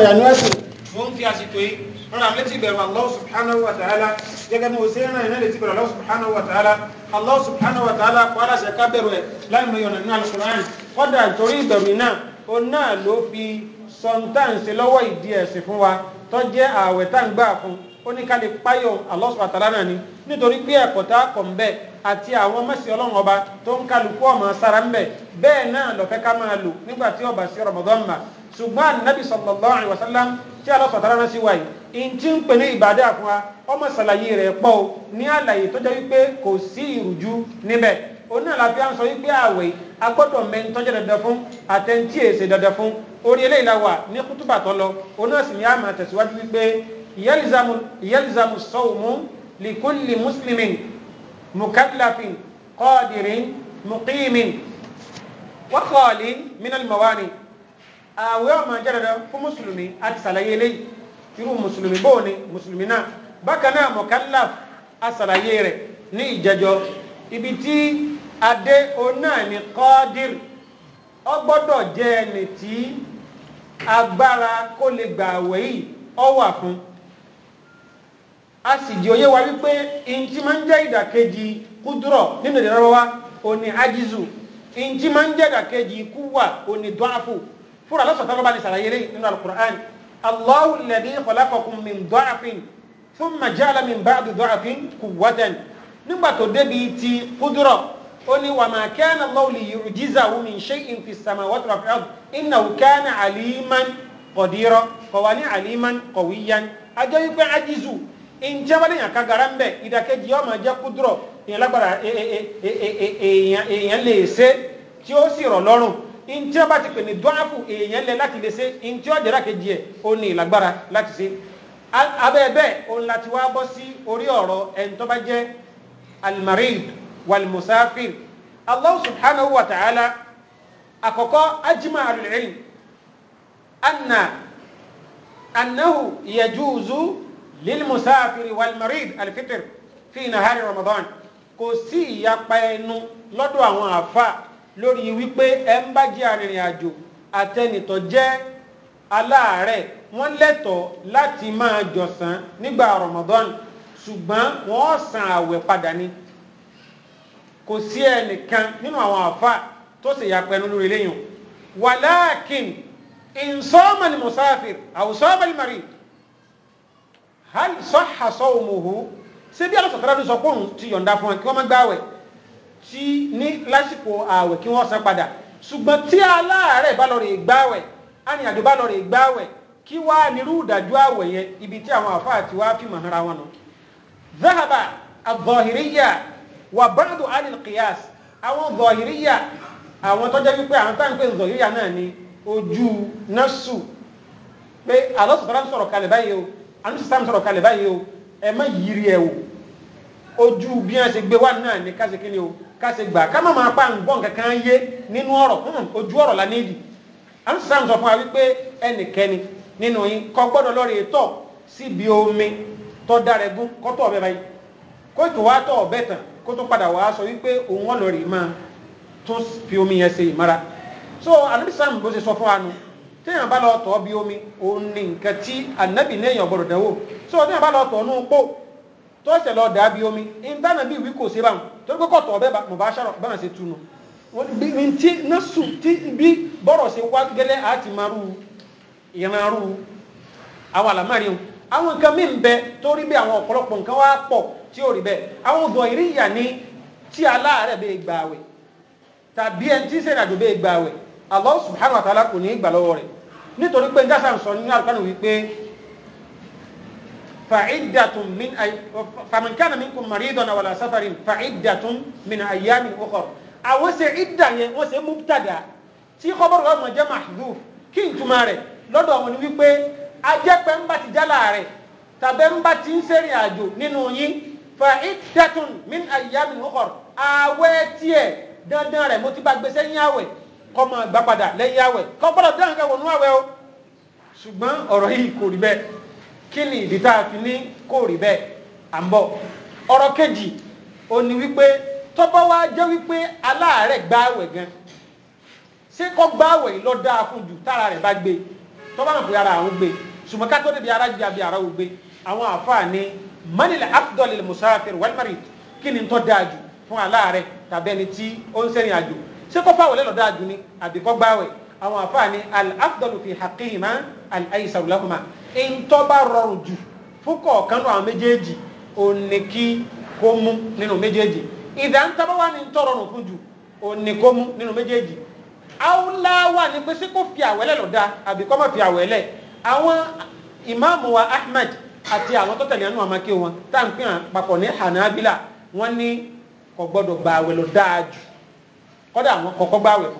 ìyànú ẹ̀sìn mo ń fi àsìkò yìí rọra létí wa ta'ala gẹ́gẹ́ bí mo ṣe rán ìrìn létí ìbẹ̀rù wa ta'ala Allah subhanahu wa ta'ala kọ́ aláṣẹ ká bẹ̀rù ẹ̀ láì mọ ìyọ̀nà nínú alukur'an kọ́dà torí ìbẹ̀rù iná o náà ló fi sọ̀ǹtàǹsì lọ́wọ́ ìdí ẹ̀sìn fún wa tó jẹ́ ààwẹ̀ tá ń gbà fún ó ní ká páyọ̀ Allah subhanahu wa ta'ala náà ni nítorí pé ẹ̀kọ́ tá a kọ̀ ń bẹ́ẹ̀ àti àwọn mẹ́sì ọlọ́run ọba tó ń kálukú ọmọ sára ń bẹ̀ bẹ́ẹ̀ náà lọ́fẹ́ ká máa lò nígbà tí ọba sí Ramadan mà ṣùgbọ́n ànábì sallallahu alaihi wasallam tí alọ́sọ̀tara rán sí wa yìí n tí ń pè ní ìbàdí àfún wa ọmọ ṣàlàyé rẹ̀ pọ̀ o ní àlàyé tó jẹ́ wípé kò sí ìrújú níbẹ̀ oní àlàáfíà ń sọ wípé àwẹ̀ مكلف قادر مقيم وخال من المواني àwẹ̀ ọmọ jẹ́rẹ̀rẹ̀ fún mùsùlùmí àti sàlàyé lè irú mùsùlùmí bóò ni mùsùlùmí náà bákan náà mọ̀kálà àsàlàyé rẹ̀ ní ìjẹjọ́ ibi tí adé onáà ni kọ́dìr ó gbọ́dọ̀ jẹ́ ẹni tí agbára kó lè gbà àwẹ̀ yìí ó wà fún un a sì di oyé wa wípé ìntí máa ń jẹ́ ìdàkejì kúdúrọ̀ nínú ìdè lọ́wọ́ òní ajizu ìntí máa ń jẹ́ ìdàkejì kúwà òní dọ́àfù fúra lọ́sọ̀tọ́ lọ́ba ní sàlàyé lé nínú alukur'an allahu alladhi khalaqakum min dọ́àfin thumma ja'ala min ba'di dọ́àfin quwwatan nígbà tó débi ti kúdúrọ̀ ó ní wa ma kana allahu liyu'jizahu min shay'in fi samawati wa fil ìjẹ́wálé yàn kagara ń bẹ̀ ìdàkejì yóò máa jẹ́ kúdúrọ̀ èèyàn lágbára e, e, e, èèyàn lè ṣe tí ó sì rọ̀ lọ́rùn ìjẹ́ bá ti pè ní dọ́àfù èèyàn lẹ láti lè ṣe ìjẹ́ ọ̀jẹ̀rà kejì ẹ̀ ó ní ìlágbára láti ṣe abẹ́ẹ̀bẹ́ òun láti wá bọ́ sí orí ọ̀rọ̀ ẹni tó bá jẹ́ almarid walmusafir allah subhanahu wa ta'ala àkọ́kọ́ ajima alilm anna annahu yajuzu للمسافر walmarid الفطر في nahari رمضان، kò sí ìyapa ẹnu lọ́dọ̀ àwọn àfa lórí wípé ẹ ń bá jẹ́ arìnrìn àjò àtẹnitọ́ jẹ́ aláàárẹ̀ wọ́n lẹ́tọ̀ọ́ láti máa jọ̀sán nígbà ramadan ṣùgbọ́n wọ́n san àwẹ̀ padà ni kò sí ẹnìkan nínú àwọn àfa tó sì yapa ẹnu lórí eléyìí wàláàkìn ìsọ́mọ̀lì musafir àwùsọ́mọ̀lì marid hal sọ́hà sọ́ọ̀mùhù ṣé bí alásọ̀tara ló sọ pé òun ti yọ̀ǹda fún ẹ kí wọ́n má gbààwẹ̀ tí ní lásìkò ààwẹ̀ kí wọ́n san padà ṣùgbọ́n tí aláàárẹ̀ bá lọ rè gbààwẹ̀ àní àjò bá lọ rè gbààwẹ̀ kí wá nírú ìdájọ́ ààwẹ̀ yẹn ibi tí àwọn àfáà ti wá fìmọ̀ hara wọn nù. zahaba al wa ba'du al-qiyas àwọn zahiriyya àwọn tó jẹ́ wípé àwọn táwọn pé zahiriyya náà ni ojú nasu pé alásọ̀tara ń sọ̀rọ̀ kalẹ̀ báyìí o àti sàm sọ̀rọ̀ kalẹ̀ báyìí o ẹ má yiri ẹ o ojú bí wọn ṣe gbé wá náà ní ká kí ni o ká ṣe gbà ká má máa pa nǹkan kankan yé nínú ọ̀rọ̀ hmm, ojú ọ̀rọ̀ la nídìí àti sàm sọ fún wa wípé ẹnikẹ́ni nínú yín kò gbọ́dọ̀ lọ́ọ́ rè tọ̀ síbi omi tọ́ dára ẹgún kọ́tọ̀ ọ̀bẹ báyìí kó tó wá tọ̀ ọ̀bẹ tán kó tó padà wá sọ wípé òun ọ̀nà rè máa tún fi omi yẹn ṣe ìmara so àdúgbò sàm bó fún wa nù téèyàn bá lọ tọ̀ bí omi òun ni nǹkan tí ànábì léèyàn gbọdọ̀ dánwò so téèyàn bá lọ tọ̀ nú pò tó ṣẹ̀ lọ dà bí omi ìdáná bí ìwí kò ṣe báwọn torí pé kò tọ̀ bẹ́ẹ̀ bá mọ̀ bá ṣàrọ̀ báwọn ṣe túnu bí tí násù tí bí bọ́rọ̀ ṣe wá gẹ́lẹ́ àti marú ìranrú àwọn àlàmárì wọn àwọn nǹkan mí ń bẹ torí bí àwọn ọ̀pọ̀lọpọ̀ nǹkan wá pọ̀ tí ó rí bẹ́ẹ̀ àwọn ògùn ìríyà tí aláàárẹ̀ bẹ́ẹ̀ tàbí ẹni tí kò ní í gbà lọ́wọ́ rẹ̀ nítorí pé dásà ń sọ nínú àrùkánù wípé fa'iddatun min faman kana minkum maridan aw ala safarin fa'iddatun min ayyamin ukhra àwọn se ìdà yẹn wọ́n ṣe mubtada tí kọ́bọ̀rọ̀ ọmọ jẹ́ mahdhuf kí n túmọ̀ rẹ̀ lọ́dọ̀ wọn ni wípé ajẹ́pẹ́ ń bá ti jálà rẹ̀ tàbẹ́ ń bá ti ń sẹ́rìn àjò nínú yín fa'iddatun min ayyamin ukhra àwẹ̀ tiẹ̀ dandan rẹ̀ mo ti bá gbèsè yín àwẹ̀ kọ́ máa gbá padà lẹ́yìn àwẹ̀ kọ́ gbọ́dọ̀ dáhùn kẹwọ̀n nú àwẹ̀ o ṣùgbọ́n ọ̀rọ̀ yìí kò rí bẹ́ẹ̀ kí ni ìdí tá a fi ní kò rí bẹ́ẹ̀ à ń bọ̀ ọ̀rọ̀ kejì ó ní wípé tọ́bọ́ wá jẹ́ wípé aláàárẹ̀ gba àwẹ̀ gan ṣé kọ́ gba àwẹ̀ yìí lọ dáa fún jù tára rẹ̀ bá gbé tọ́bọ́ náà fi ara àwọn gbé ṣùgbọ́n ká tó débi ara jẹ́ àbí ara ò àwọn àfáà manila afdol musafir walmarit kí ni tó dáa jù fún aláàárẹ̀ tàbí ẹni tí ó ń ṣèrìn àjò ṣé kó fáwọn lẹ́nu dáa jù ni àbí kó gbáwẹ̀ àwọn àfààní al-afdalu fi haqqihima al-aysaru lahuma ntọ́ bá rọrùn jù fún kọ̀ọ̀kan àwọn méjèèjì òní kí kó mú nínú méjèèjì ìdá ń tábọ́ wà ní ntọ́ rọrùn fún jù òní kó mú nínú méjèèjì awúláwà ni pé ṣé kó fi àwẹ̀lẹ̀ lọ́dà àbí kó má fi àwẹ̀lẹ̀ àwọn ìmáàmù wa Ahmad àti àwọn tó tẹ̀lé àwọn àmàkè wọn kọ́dà àwọn kọ́kọ́ gbáwẹ̀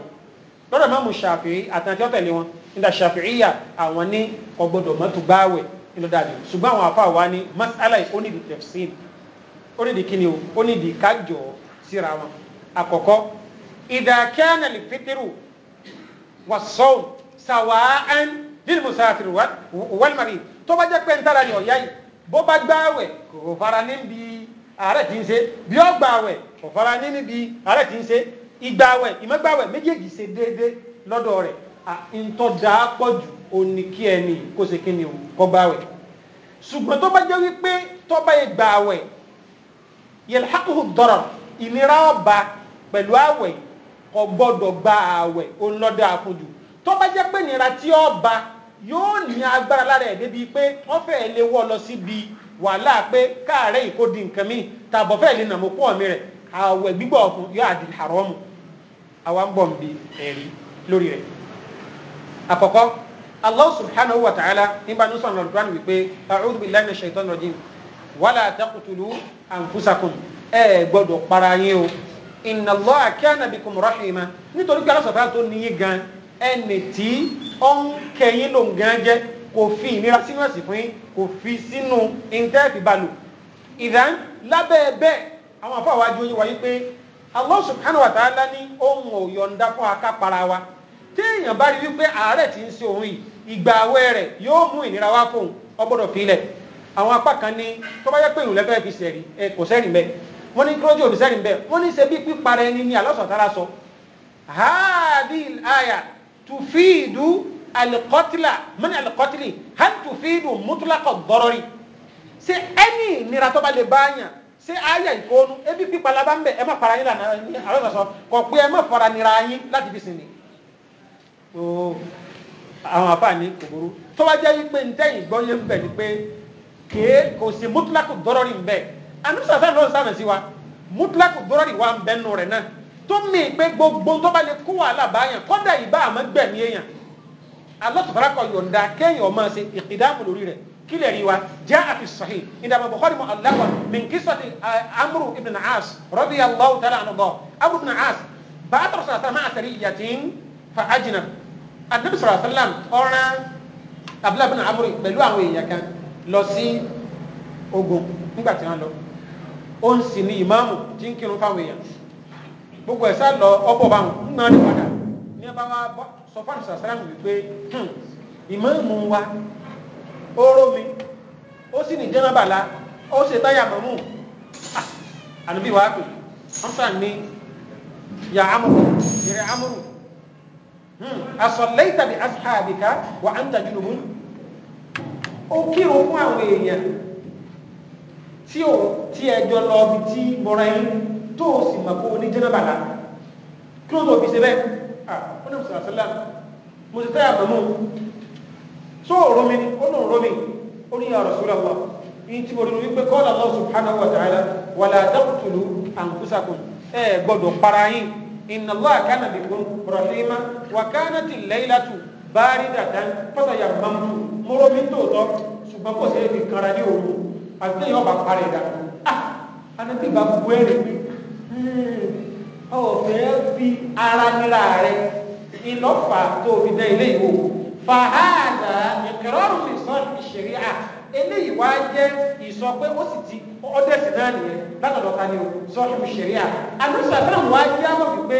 fún lọ́dọ̀ mọ́mù ṣàfihì àtàntí ọ̀tẹ̀lé wọn nígbà ṣàfihìyà àwọn ní ọgbọ́dọ̀ mọ́tò gbáwẹ̀ ìlọ́dàbí ṣùgbọ́n àwọn àfáà wá ní masala yìí ó nídi tafsir ó nídi kíni o ó nídi kájọ síra wọn àkọ́kọ́ idha kana lè fitiru wà sọ́ọ̀n sawa'an lil musafir wal marid tó bá jẹ́ pé ń tára ní ọ̀yá yìí bó bá gbáwẹ̀ kò fara níbi ààrẹ tí ń ṣe bí ó gbáwẹ̀ kò fara níbi ààrẹ tí ń ṣe ìgbàwẹ̀ ìmọ̀gbàwẹ̀ méjèèjì ṣe déédé lọ́dọ̀ rẹ̀ ntọ́jà pọ̀jù òní kí ẹni kó ṣe kíni o kó ṣùgbọ́n tó bá jẹ́ wípé tó bá yẹ gbàwẹ̀ ọba pẹ̀lú àwẹ̀ kò gbọ́dọ̀ gba àwẹ̀ olọ́dọ̀ àkójù tó bá jẹ́ pé ìnira tí ọba yóò ní agbára lára ẹ̀ débi pé wọ́n wọ́ lọ síbi mi tàbọ̀ lè pọ̀ mi rẹ̀ àwẹ̀ àwa ń bọ̀ ń bi ẹ̀rí lórí rẹ̀ àkọ́kọ́ allah subhanahu wa ta'ala nígbà ní sọ̀rọ̀ lọ́dún wípé a'udhu billahi minash shaitan rajim wala taqtulu anfusakum ẹ gbọ́dọ̀ para yín o inna allaha kana bikum rahima nítorí pé alásọ̀fẹ́ tó níyí gan ẹni tí ó ń kẹyìn ló ń gan jẹ́ kò fi ìnira sínú ẹ̀sìn yín kò fi sínú intẹ́ẹ̀fì balù ìdán lábẹ́ bẹ́ẹ̀ àwọn àfọwájú yín wáyé pé Allah subhanahu wa ta'ala ní ohun òyọ̀ǹda fún akápara wa téèyàn bá rí wípé àárẹ̀ ti ń ṣe òun yìí ìgbà àwẹ̀ rẹ̀ yóò mú ìnira wá fóun ọgbọ́dọ̀ filẹ̀ àwọn apá kan ní tó bá yẹ pé ìrùlẹ̀ fẹ́ fi sẹ̀rí ẹ kò sẹ́rì mbẹ́ wọ́n ní kílódé òbí sẹ́rì mbẹ́ wọ́n ní ṣe bí pípara ẹni ní alọ́sọ̀tara sọ hadil aya tufidu alikọtila mọ́ni alikọtili hàn ṣé ayé ìkónú ebi pípa labá ń bẹ ẹ má para yín lànà àlọ́ sọ kọ pé ẹ má fara nira yín láti fi sìn ní. àwọn àfààní kò burú tó wá jẹ́ wípé ntẹ́yìn gbọ́ yé ń bẹ ni pé kèé kò sí mutlaku dọ́rọ́rì ń bẹ ànúṣà sáà ló ń sáà sí wa mutlaku dọ́rọ́rì wa ń bẹ nù rẹ̀ náà tó mì pé gbogbo tó bá lè kó wàhálà báyàn kọ́dà ìbá àmọ́ gbẹ̀mí èèyàn alọ́tọ̀fọ́lá kọ yọ̀ǹda kéèyàn kílẹ̀ rí wa jaa fi sahih ìdààmú bukhari mu aláwa min kisati eh, amru ibn as radiyallahu ta'ala anhu amru ibn as bàtà rasul asalam àtàrí ìyàtìn fa ajnab anabi sọ̀rọ̀ asalam ọ̀ràn abdullahi bin amru pẹ̀lú àwọn èèyàn kan lọ sí ogun nígbà tí wọ́n lọ ó ń sì ní ìmáàmù tí ń kírun fáwọn èèyàn gbogbo ẹ̀ sá lọ ọbọ̀ bá wọn ń náà ní padà ní ẹ bá wa sọ fún àṣà sálámù wípé hmm, ìmáàmù wa ó rómi ó sì ní jẹ́nàbàlá ó ṣe táyà mọ́mú ah, ànúbí wàá pè wọ́n sàn ní yà ámùrù ìrẹ̀ ámùrù hmm, asọ̀lẹ́ta bí ashabika wà á ń tajú lùmú ó kírun fún àwọn èèyàn tí ò tí ẹjọ́ lọ bí tí mọ́ra yín tó o sì mọ̀ kó o ní jẹ́nàbàlá kí ló tó fi ṣe bẹ́ẹ̀ ah ó ní mùsùlùmí mo ti táyà mọ́mú tó òrómi ni ó lóun rómi ó ní ya Rasulullah yìí tí mo rí wípé qala Allah subhanahu wa ta'ala wala taqtulu anfusakum ẹ gbọ́dọ̀ para yín inna Allaha kana bikum rahima wa kanati al-laylatu baridatan fatayammamtu mo rómi tòótọ́ ṣùgbọ́n kò sí èdè kanra ní òru àti tẹ́yìn ọba parẹ́ dà ah anabi bá bu ẹ̀rẹ̀ pé ọ̀fẹ́ hmm. fi ara nira rẹ̀ ìlọ́fà tó fi dẹ́ ilé ìwò fàhádà ìkìrọ́rù lè sọ ìṣẹ̀rí à eléyìí wá jẹ́ ìsọ pé ó sì ti ọdẹ́sì náà nìyẹn látọ̀dọ̀ ta ni o sọ ìṣẹ̀rí à àlùsọ àtàwọn wá jẹ́ àmọ̀ wípé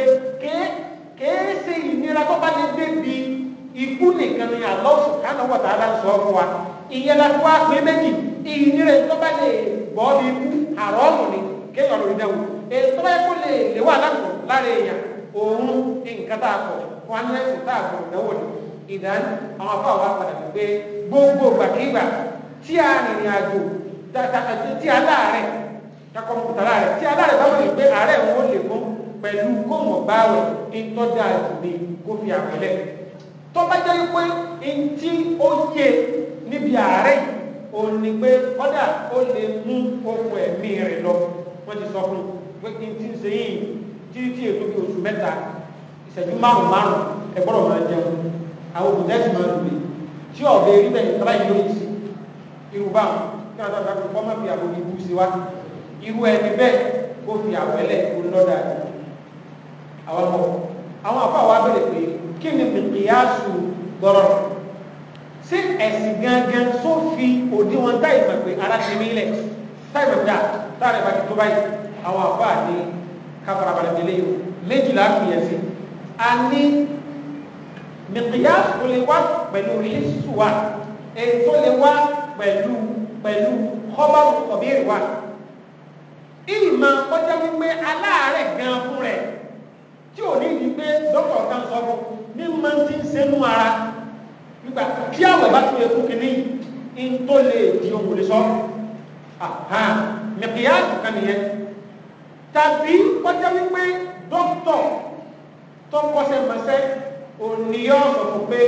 kèé ṣe ìnira tó bá lè débi ikú nìkan ni Allah subhanahu wa ta'ala ń sọ fún wa ìyẹn la fún wa pé méjì ìnira tó bá lè bọ́ bí ikú àrọ́ọ̀mù ni kéèyàn lórí náà èyí tó bá yẹ kó lè léwà láàrin èèyàn òun nǹkan tá a kọ̀ wọn á ní ẹ̀sìn tá a kọ̀ náwó ni ìdán àwọn afọ àwọn apàdà wípé gbogbo gbàkígbà tí a rìnrìn àjò tí aláàárẹ̀ kakọ mọ̀kútà láàrẹ̀ tí aláàárẹ̀ bá wọ̀nyí pé àárẹ̀ wọn ò lè mú pẹ̀lú kóhùn ọ̀báwẹ̀ ìtọ́jà àjùmí kó fi àwẹ̀lẹ̀ tó bá jẹ́ wípé ntí ó yẹ níbi àárẹ̀ ò ní pé kọ́dà ó lè mú okùn ẹ̀mí rẹ̀ lọ wọ́n ti sọ fún un pé kí n ti ń ṣe yìí títí ètò bí oṣù mẹ́ta ìṣẹ́jú márùn-ún márùn-ún ẹ máa jẹun àwọn òkùnjẹ́ sì máa lùlẹ̀ tí ọ̀bẹ rí bẹ́ẹ̀ tọ́lá yìí lóyún sí irú bá wọn kí wọn tọ́ka kó má fi àwọn ibú sí wa irú ẹni bẹ́ẹ̀ kó fi àwẹ̀lẹ̀ olódà àwọn ọmọ àwọn afọ àwọn abẹ́rẹ́ pé kí ni mìkìyàsù gbọ́rọ̀ sí ẹ̀sìn gangan sófi òdiwọ̀n táìmọ̀ pé ara ti mí lẹ̀ táìmọ̀ dà táàrẹ̀ bá ti tó báyìí àwọn afọ àní káfarabalẹ̀ délé yìí méjìlá fìyẹ̀sì a ní mìkìyà tó lè wá pẹ̀lú hísù wa èyí tó lè wá pẹ̀lú pẹ̀lú kọ́bárù ọ̀bẹ́rẹ̀ wa ìmọ̀ kọjá wípé aláàárẹ̀ gan fún rẹ̀ tí ò ní ìdí pé dókítà kan sọ fún ní máa ti ń sẹ́nu ara nígbà tí àwẹ̀ bá tún ekú kìíní ń tó lè di ohun lè sọ mìkìyà tó nìyẹn tàbí kọjá wípé dókítà tó kọsẹ̀ mọ́sẹ́ òní yóò sọ̀tún pé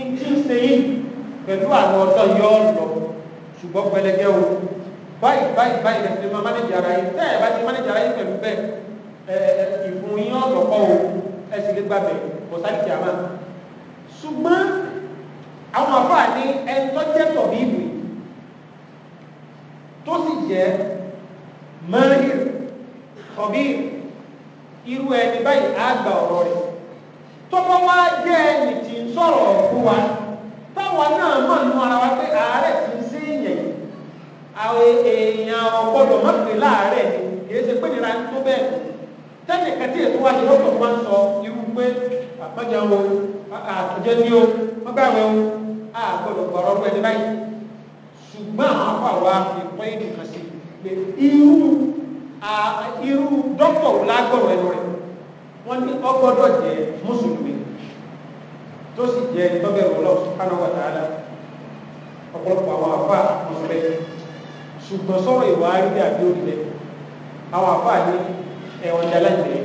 ìdí ṣe yìí pẹ̀lú àwọn ọ̀tọ̀ yóò lọ ṣùgbọ́n pẹlẹgẹ́ o báyìí báyìí báyìí lè fi máa mánéjì ara yìí tẹ́ ẹ̀ bá ti mánéjì ara yìí pẹ̀lú bẹ́ẹ̀ ìfún yín ọ̀lọ́kọ́ o ẹ sì lè gbàgbẹ́ bọ̀sálì kìámà tó sì jẹ́ mẹ́rin tọ̀bí irú ẹni báyìí á ọ̀rọ̀ rẹ̀ tọ́bọ́ wá jẹ́ ẹni tí ń sọ̀rọ̀ fún wa táwọn náà mọ̀ nínú ara wa pé ààrẹ ti ń sí ìyẹn àwọn èèyàn ọgbọ́dọ̀ má pè láàárẹ̀ ni kìí ṣe pé nira tó bẹ́ẹ̀ tẹ́nìkan tí èso wa ṣe lọ́tọ̀ máa ń sọ irú pé àpọ́jà wo àtúnjẹ ní o mọ́gbàwé o àgbọ̀dọ̀ gbọ̀rọ̀ ọdún ẹni báyìí ṣùgbọ́n àwọn afọ àwa fi pọ́n èdè kan sí pé irú dókítà wo lágbọ̀rọ̀ ẹnu rẹ̀ wọ́n ní ọgbọ́dọ̀ jẹ́ mùsùlùmí tó sì jẹ́ tọ́bẹ̀rù ọlọ́run subhanahu wa ta'ala ọ̀pọ̀lọpọ̀ àwọn àfà ọ̀sẹ̀ ṣùgbọ́n sọ̀rọ̀ ìwà àrídẹ́ àbí òrìlẹ̀ àwọn àfà ní ẹ̀wọ̀n jalẹ́jẹ̀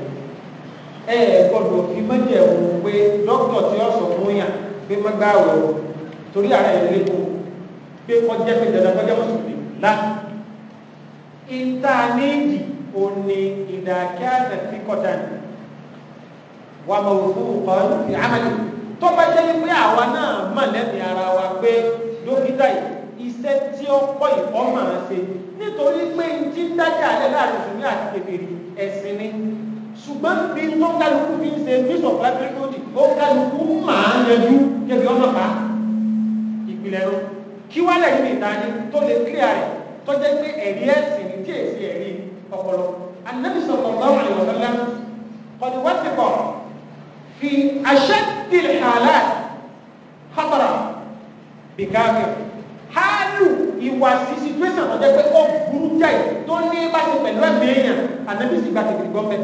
ẹ gbọ́dọ̀ fi mẹ́jẹ̀ wò pé dókítà tí ó sọ fún yàn pé má gbá o torí ààrẹ ìlú kò pé kọjá pé dandan kọjá mùsùlùmí lá ìta ní ìdí òní ìdàkẹ́ àtàtì kọ̀tà nìyí wà mawfuqan fi amali tó bá jẹ́ wípé àwa náà mọ̀ lẹ́bi ara wa pé dókítà yìí iṣẹ́ tí ó kọ́ ìkọ́ máa ṣe nítorí pé jí dájà alẹ́ láàrin ìsinmi àti kèfèrè ẹ̀sìn ni ṣùgbọ́n bí tó ń kálukú fi ń ṣe bíṣọ̀ pẹ́pẹ́rẹ́dọ́dì ó kálukú máa ń yanjú kébí ọ̀nà pa ìpìlẹ̀ ẹ̀rọ kí wálẹ̀ yìí nìta ni tó lè kílíà rẹ̀ tó jẹ́ pé ẹ̀rí ẹ̀sìn ní tí èsì ẹ̀rí ọpọlọ anábìsọ̀tọ̀ lọ́wọ́ àyọ̀kọ́lá kọ̀díwọ́sìkọ̀ في أشد الحالات خطرا بكافر حالو ìwàsí situation ọ̀jẹ́ pé ó burú jáì tó ní bá ti pẹ̀lú ẹ̀mí èèyàn ànábì sì gba kìkìrì gbọ́n bẹ́ẹ̀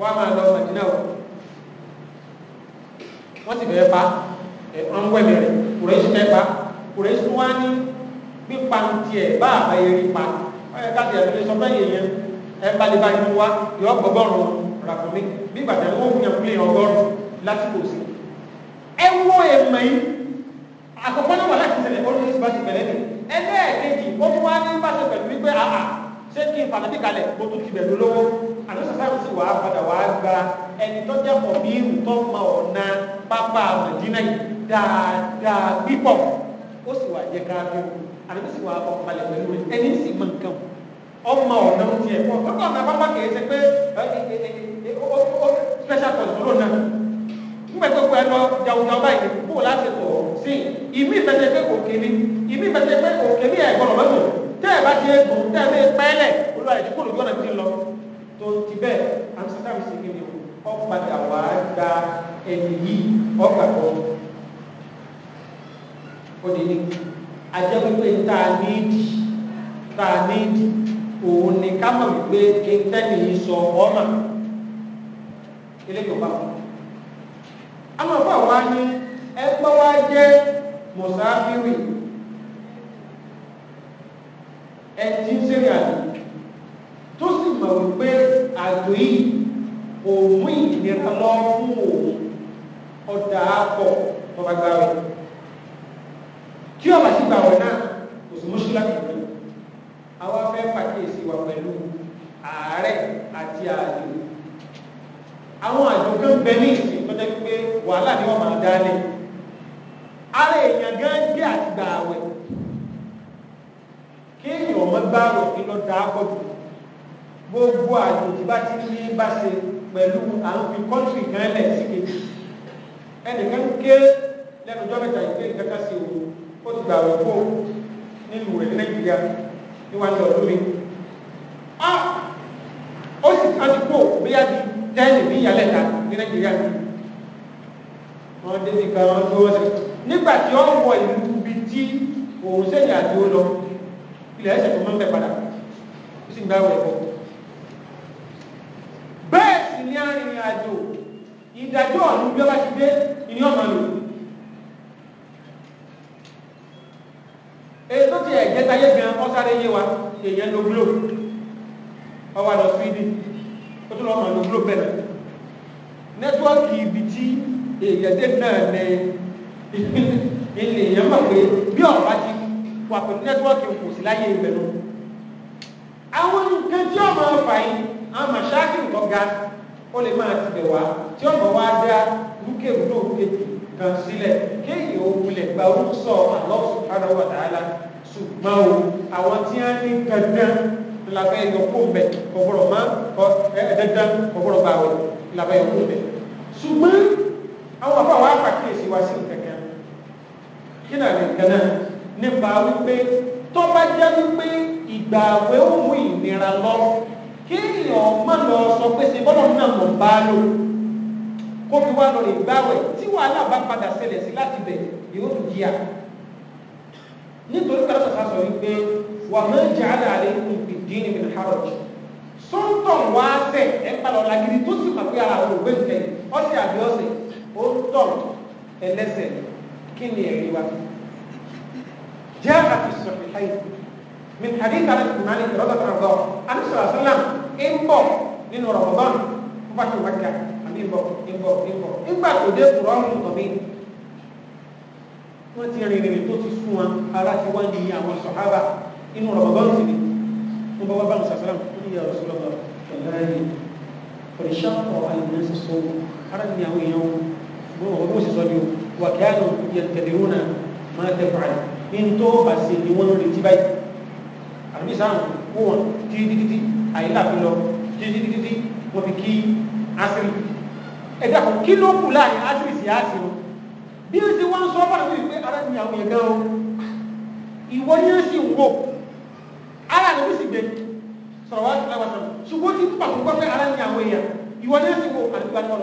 wọ́n á máa lọ màdínà o wọ́n sì fẹ́ pa ọ̀n wẹ̀mí rẹ̀ kùrẹ́sì fẹ́ pa kùrẹ́sì wá ní pípa tiẹ̀ bá àbáyé rí pa ọ̀yẹ́ káàdì ẹ̀rọ ilé sọ fẹ́ yẹ̀yẹ́ ẹ̀ bá lè bá yín wá yọ̀ ọ́ gbọ́gbọ́rùn-ún ràkúnmí nígbà tí wọ́n yàn mílíọ̀n ọgọ́rùn lásìkò sí ẹ wó èèmọ̀ yìí àkọ́kọ́ náà wà láti ṣẹlẹ̀ ó ní ìṣúbà ti bẹ̀rẹ̀ ni ẹlẹ́ẹ̀kejì ó tún wá ní bá ṣe pẹ̀lú wípé àà ṣé kí n fàtàbí kalẹ̀ mo tún ti bẹ̀rù lówó àlọ́sà sáyẹn sì wàá padà wàá gba ẹni tó jẹ́ pọ̀ bí ìrùtọ́ ma ọ̀nà pápá mẹ̀dínà yìí dáadáa pípọ̀ ó sì wà jẹ́ káàkiri àlọ́sà sì wàá ẹni sì ọmọ ọ̀nà oúnjẹ ẹ̀kọ́ ọ̀pọ̀ ọ̀nà pápá kìí ṣe pé special course ló náà nígbà pé pẹ́ lọ jàùjàù báyìí kó o láti tọ̀ sí ìmí ìfẹsẹ̀ pé òkè ní ìmí ìfẹsẹ̀ pé òkè ní ẹ̀gbọ́n lọ́tọ̀ tẹ́ ẹ̀ bá ti gùn tẹ́ ẹ̀ bá pẹ́ẹ́lẹ̀ olúwa rẹ̀ ti kó lójú ọ̀nà ti lọ tó ti bẹ́ẹ̀ Amsterdam sì kí ni ọ padà wá gba ẹni yìí ọgbà kan ó dé ní ajẹ́ wípé tá a nídìí tá a nídìí òun ni ká mọ̀ wípé kí n tẹ́ni yìí sọ ọmọ eléyìí ọba àwọn ọba wa ní ẹgbẹ́ wa jẹ́ mọ̀sáfírì ẹtí ń sẹ́rìn àjò tó sì mọ̀ wípé àjò yìí òun ìnira lọ fún òun ọ̀dà àpọ̀ ọba gbàwẹ̀ tí ọba sì gbàwẹ̀ náà kò sí mọ́ṣúlá àwa fẹ́ pàkíyèsí wa pẹ̀lú ààrẹ àti ààyò àwọn àjò kan bẹ ní ìsìn tó jẹ́ pé wàhálà ni wọ́n máa dálé ara èèyàn gan gbé àtìgbà àwẹ̀ kéèyàn ọmọ gbá àwẹ̀ kí lọ da pọ̀ jù gbogbo àjò tí bá ti ní bá ṣe pẹ̀lú à ń fi kọ́ńtì kan lẹ̀ sí kejì ẹnìkan ké lẹ́nu jọ́mẹ́ta ìgbé ìkẹ́kẹ́ sí òun ó ti gbà àwẹ̀ nílùú rẹ̀ nàìjíríà níwájú ọdún mi ó sì ká ti kó bóyá bíi tẹ́ẹ̀nì ní ìyálẹ̀ ta ní nàìjíríà ní wọ́n dé sí kan wọ́n tó wọ́n sẹ̀ nígbà tí ó wọ ìlú bí tí òun sẹ́yìn àti ó lọ ilẹ̀ ẹ̀sẹ̀ tó máa ń bẹ̀ padà ó sì ń gbáwọ̀ ẹ̀kọ́ bẹ́ẹ̀ sì ní arìnrìn àjò ìdájọ́ ọ̀nù bí ó bá ti dé ìní ọ̀nà lòdì èyí tó ti ẹ̀jẹ̀ táyé gan ọ sáré yé wa èèyàn lo glo ọwọ́ àlọ́ sídì ó tún lọ́ọ́ mọ̀ lo glo bẹ́ẹ̀ nẹ́tíwọ́ọ̀kì ibi tí èèyàn dé náà ní ilé èèyàn mọ̀ pé bí ọ̀pá ti wà pẹ̀lú nẹ́tíwọ́ọ̀kì kò sí láyé ibẹ̀ lọ. àwọn nǹkan tí ọmọ ọfà yìí àwọn màṣáàkì nǹkan ga ó lè máa ti wá tí ọmọ wa dá lúkèrú lóòkè kan sílẹ̀ kéèyàn ó wulẹ̀ gba orúkọ Allah subhanahu wa ta'ala ṣùgbọ́n o àwọn tí wọ́n ní dandan labẹ́ yọkó bẹ̀ kọ̀bọ̀rọ̀ má dandan kọ̀bọ̀rọ̀ bá wọn labẹ́ yọkó bẹ̀ ṣùgbọ́n àwọn afọ àwọn apàkíyèsí wa sí kankan kí náà lè kan náà nípa wípé tó bá jẹ́ wípé ìgbà àwẹ̀ ó mú ìnira lọ kéèyàn má lọ sọ pé ṣe bọ́lọ̀ náà mọ̀ bá lò kó fi wá lọ lè gbáwẹ̀ tí wàhálà bá padà ṣẹlẹ̀ sí láti bẹ̀ yóò tún jíyà nítorí pẹ̀lú sàṣà sọ wípé wà máa ń jẹ́ àdáàlẹ́ ìpè dín ní mìíràn sọ́ńtọ̀n wá sẹ̀ ẹ̀ palọ̀ làgìrì tó sì mà pé ara òun òwe nìkan ọ̀sẹ̀ àbí ọ̀sẹ̀ ó ń tọ̀n ẹlẹ́sẹ̀ kí ni ẹ̀rí wa jẹ́ àti sọ̀rọ̀ ìhàyè min hadith anas bin malik radhiyallahu anhu anas sallallahu alaihi wasallam ń bọ̀ nínú ramadan fún bàtí ìbọ̀ ìbọ̀ ìbọ̀ nígbà tó dé kùrọ̀ ọ̀rùn tọ̀bí wọ́n ti rìn rìn tó ti sún wọn ara ti wá ní àwọn sọ̀hábà inú rọ̀bọ̀bọ̀n sì ni wọ́n bá wá bá nùsàsálàm tó ní yàrá sọ́lọ́ bá ọ̀gáyé pẹ̀lẹ́ṣà ọ̀ àyìnbó sì sọ ara ní àwọn èèyàn wọn wọn bó sì sọ ní o wà kí á nù yẹtẹ̀lẹ́rún náà máa tẹ̀ lọ títí títí wọ́n fi kí asiri ẹ̀dá kan kí ló kù láàrin asiri sí asiri bí ó ti wá ń sọ ọ́pàá lórí pé ara ni àwọn èèyàn o ìwọ ni ó sì ń wò ara ni ó sì gbé sọ̀rọ̀ wá sílẹ̀ wàsàn ṣùgbọ́n ní pàtó gbọ́ ara ni àwọn èèyàn ìwọ ni ó sì wò àti wà ní wa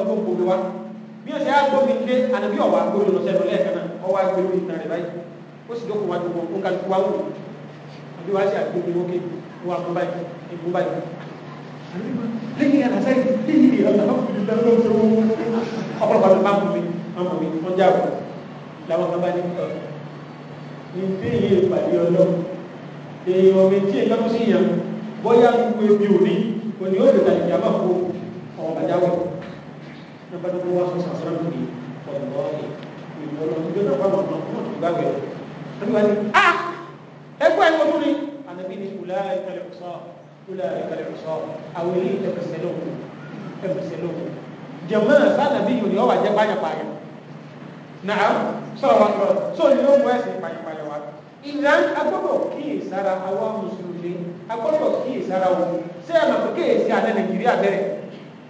bí ó ṣe á gbómi ilé àdàbí ọ̀wà gbóòrò lọ́sẹ̀ lọ́lẹ́ ẹ̀kan náà ọwọ́ agbé orí ìtàn rẹ̀ báyìí ó sì dókòó wájú wọn ó ń kájú wá wò àbí wá sí àgbègbè wókè wà mú báyìí lẹ́yìn ara sáyé lẹ́yìn alhamdulilayi lọ́wọ́ ọ̀pọ̀lọpọ̀ àti máàmù mi máàmù mi wọ́n já àbọ̀ làwọn kan bá ní kọ́ ní téèyàn ìpàdé ọlọ́run èèyàn ọ̀mẹ tí èèyàn tó sì yàn bọ́yá gbogbo ebi òní òní ó dèjà ìjà máa fo ọ̀rọ̀ bàjáwọ̀ nípa tó wá sọ sàṣẹ́ أولئك العصاة أو إليه تمثلون تمثلون جماعة سنة بي يوني هو أجل بايا بايا نعم صلى الله عليه وسلم so yóò mú ẹsẹ̀ payapaya wa ìlà agbọ́dọ̀ kíyèsára àwa mùsùlùmí agbọ́dọ̀ kíyèsára wo ṣé àmà pé kíyèsí àná nàìjíríà bẹ̀rẹ̀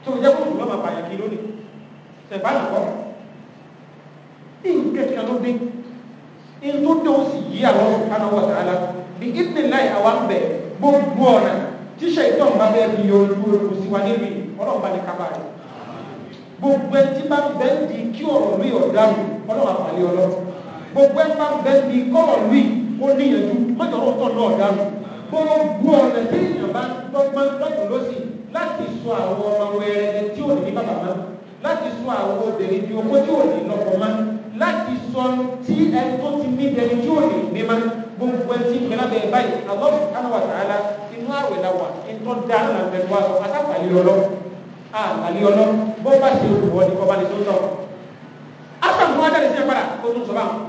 tó jẹ́ kó mùsùlùmí ọmọ pàyà kí lónìí ṣẹ̀fà nàkọ́ ìǹkẹ́kẹ́ ló dé ìǹtó dé ó sì yí àwọn ọ̀sán àwọn ọ̀sán alá bí tíṣe ìtọ́ bá bẹ́ẹ̀ fi yọ ojú ewu sí wa níbi ọlọ́ọ̀bá ní kábà rẹ̀ gbogbo ẹtí bá ń bẹ́ di kí ọ̀rọ̀ mi ọ̀daràn ọlọ́wà pàlẹ́ ọlọ́ gbogbo ẹtí bá ń bẹ́ di kọ́rọ̀ mi ó níyànjú mọ́jọ́ ọ̀tọ̀ náà ọ̀daràn gbogbo ọ̀nà tí èèyàn bá gbọ́gbọ́n lọ́tún lọ́sì láti sọ àwọn ọmọ wẹrẹ tí ò ní bàbá má láti sọ àwọn obìnrin di owó tí ò ní lọ́kọ má láti sọ tí ẹni tó ti ní ẹni tí ò ní ní má gbogbo ẹni tí bẹ̀rẹ̀ bẹ̀rẹ̀ báyìí Allah subhanahu wa ta'ala inú àwẹ̀ la wà ntọ́ da ńlá bẹ̀rẹ̀ wa sọ àtàkàlí ọlọ́ àkàlí ọlọ́ bó bá ṣe olùwọ́ ni kọ́ bá ní tó tọ̀ asàmù adáre sí ẹgbàrá kó tún sọ bá wọn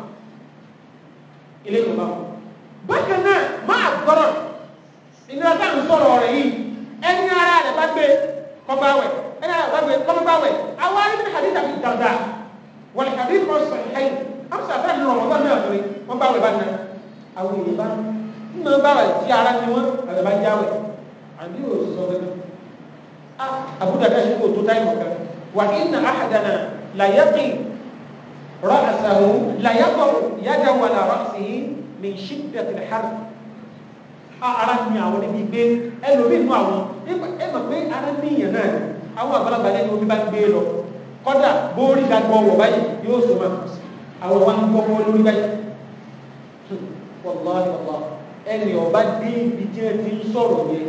ilé ìjọba wọn bákan náà máa gbọ́rọ̀ ìnira tá à ń sọ̀rọ̀ rẹ̀ yìí ẹni ara rẹ̀ bá gbé kọ́ba wẹ̀ ẹni ara rẹ̀ bá gbé kọ́ba wẹ̀ àwọn arígbìn hadith àbí dàda wọ̀lẹ̀ hadith kan náà lórí wọ́n bá wẹ̀ bá náà àwọn èèyàn bá ń mọ bá wà tí ara ni wọn àbẹ̀ bá ń jáwẹ̀ àbí ò sọ bẹ́ẹ̀ àbúdà ká ṣe kó tó táyì mọ̀ká wà kí nà áhàdànà làyẹ́kì rọ àṣàwò làyẹ́kọ̀ yájà wà làrọ̀ sí mi ṣíkìdà tìlẹ̀ hàrù ara ni àwọn níbi gbé ẹlòmíì nù àwọn ẹ mọ̀ pé ara ní ìyẹn náà àwọn àgbàlagbà lẹ́yìn omi bá gbé lọ kọ́dà bóórí gbàgbọ́ wọ̀ báyìí yóò sọ ma àwọn wa ń gbọ́ lórí báyìí wàláhì bàbá ẹni ọba dé ibi tí ẹ ti ń sọ̀rọ̀ yẹn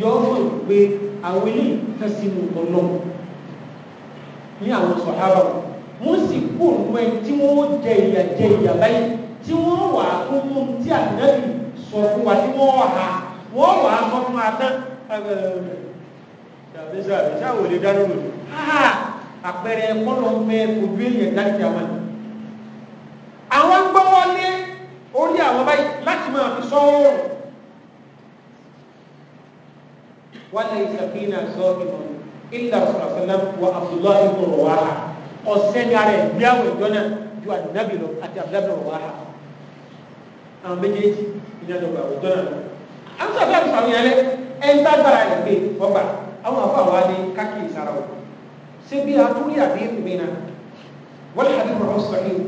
yọ mọ̀ pé àwọn ilé ìfẹ́ sínú ọ̀nà ní àwọn sọ̀hábà wọ́n sì kú òun ẹni tí wọ́n jẹ ìyà jẹ ìyà báyìí tí wọ́n wà fún mú tí ànábì sọ fún wa tí wọ́n wà á wọ́n wà á sọ fún wa tán ṣàbíṣà àbíṣà wò lè dá lóru àpẹẹrẹ kọ́lọ́ fẹ́ èèyàn láti àwọn ẹ̀dá. الصوم وليس فينا صائم إلا رسول الله صلى الله عليه وسلم وعبد الله بن رواحة ọ̀sẹ́ni ara ẹ̀gbẹ́ àwọn ìjọ náà ju àdínábì lọ àti àbúlábìnrin wà á àwọn méjèèjì ìyá lọ́gbà àwùjọ náà lọ. à ń àti sàmì alẹ́ ẹ̀ńtà gbára rẹ̀ gbé ọgbà àwọn afọ àwọn adé káàkiri sára o. ṣé bí atúrí àbí ìpínmi náà lè hàbí rọ̀ sọ̀rọ̀ yìí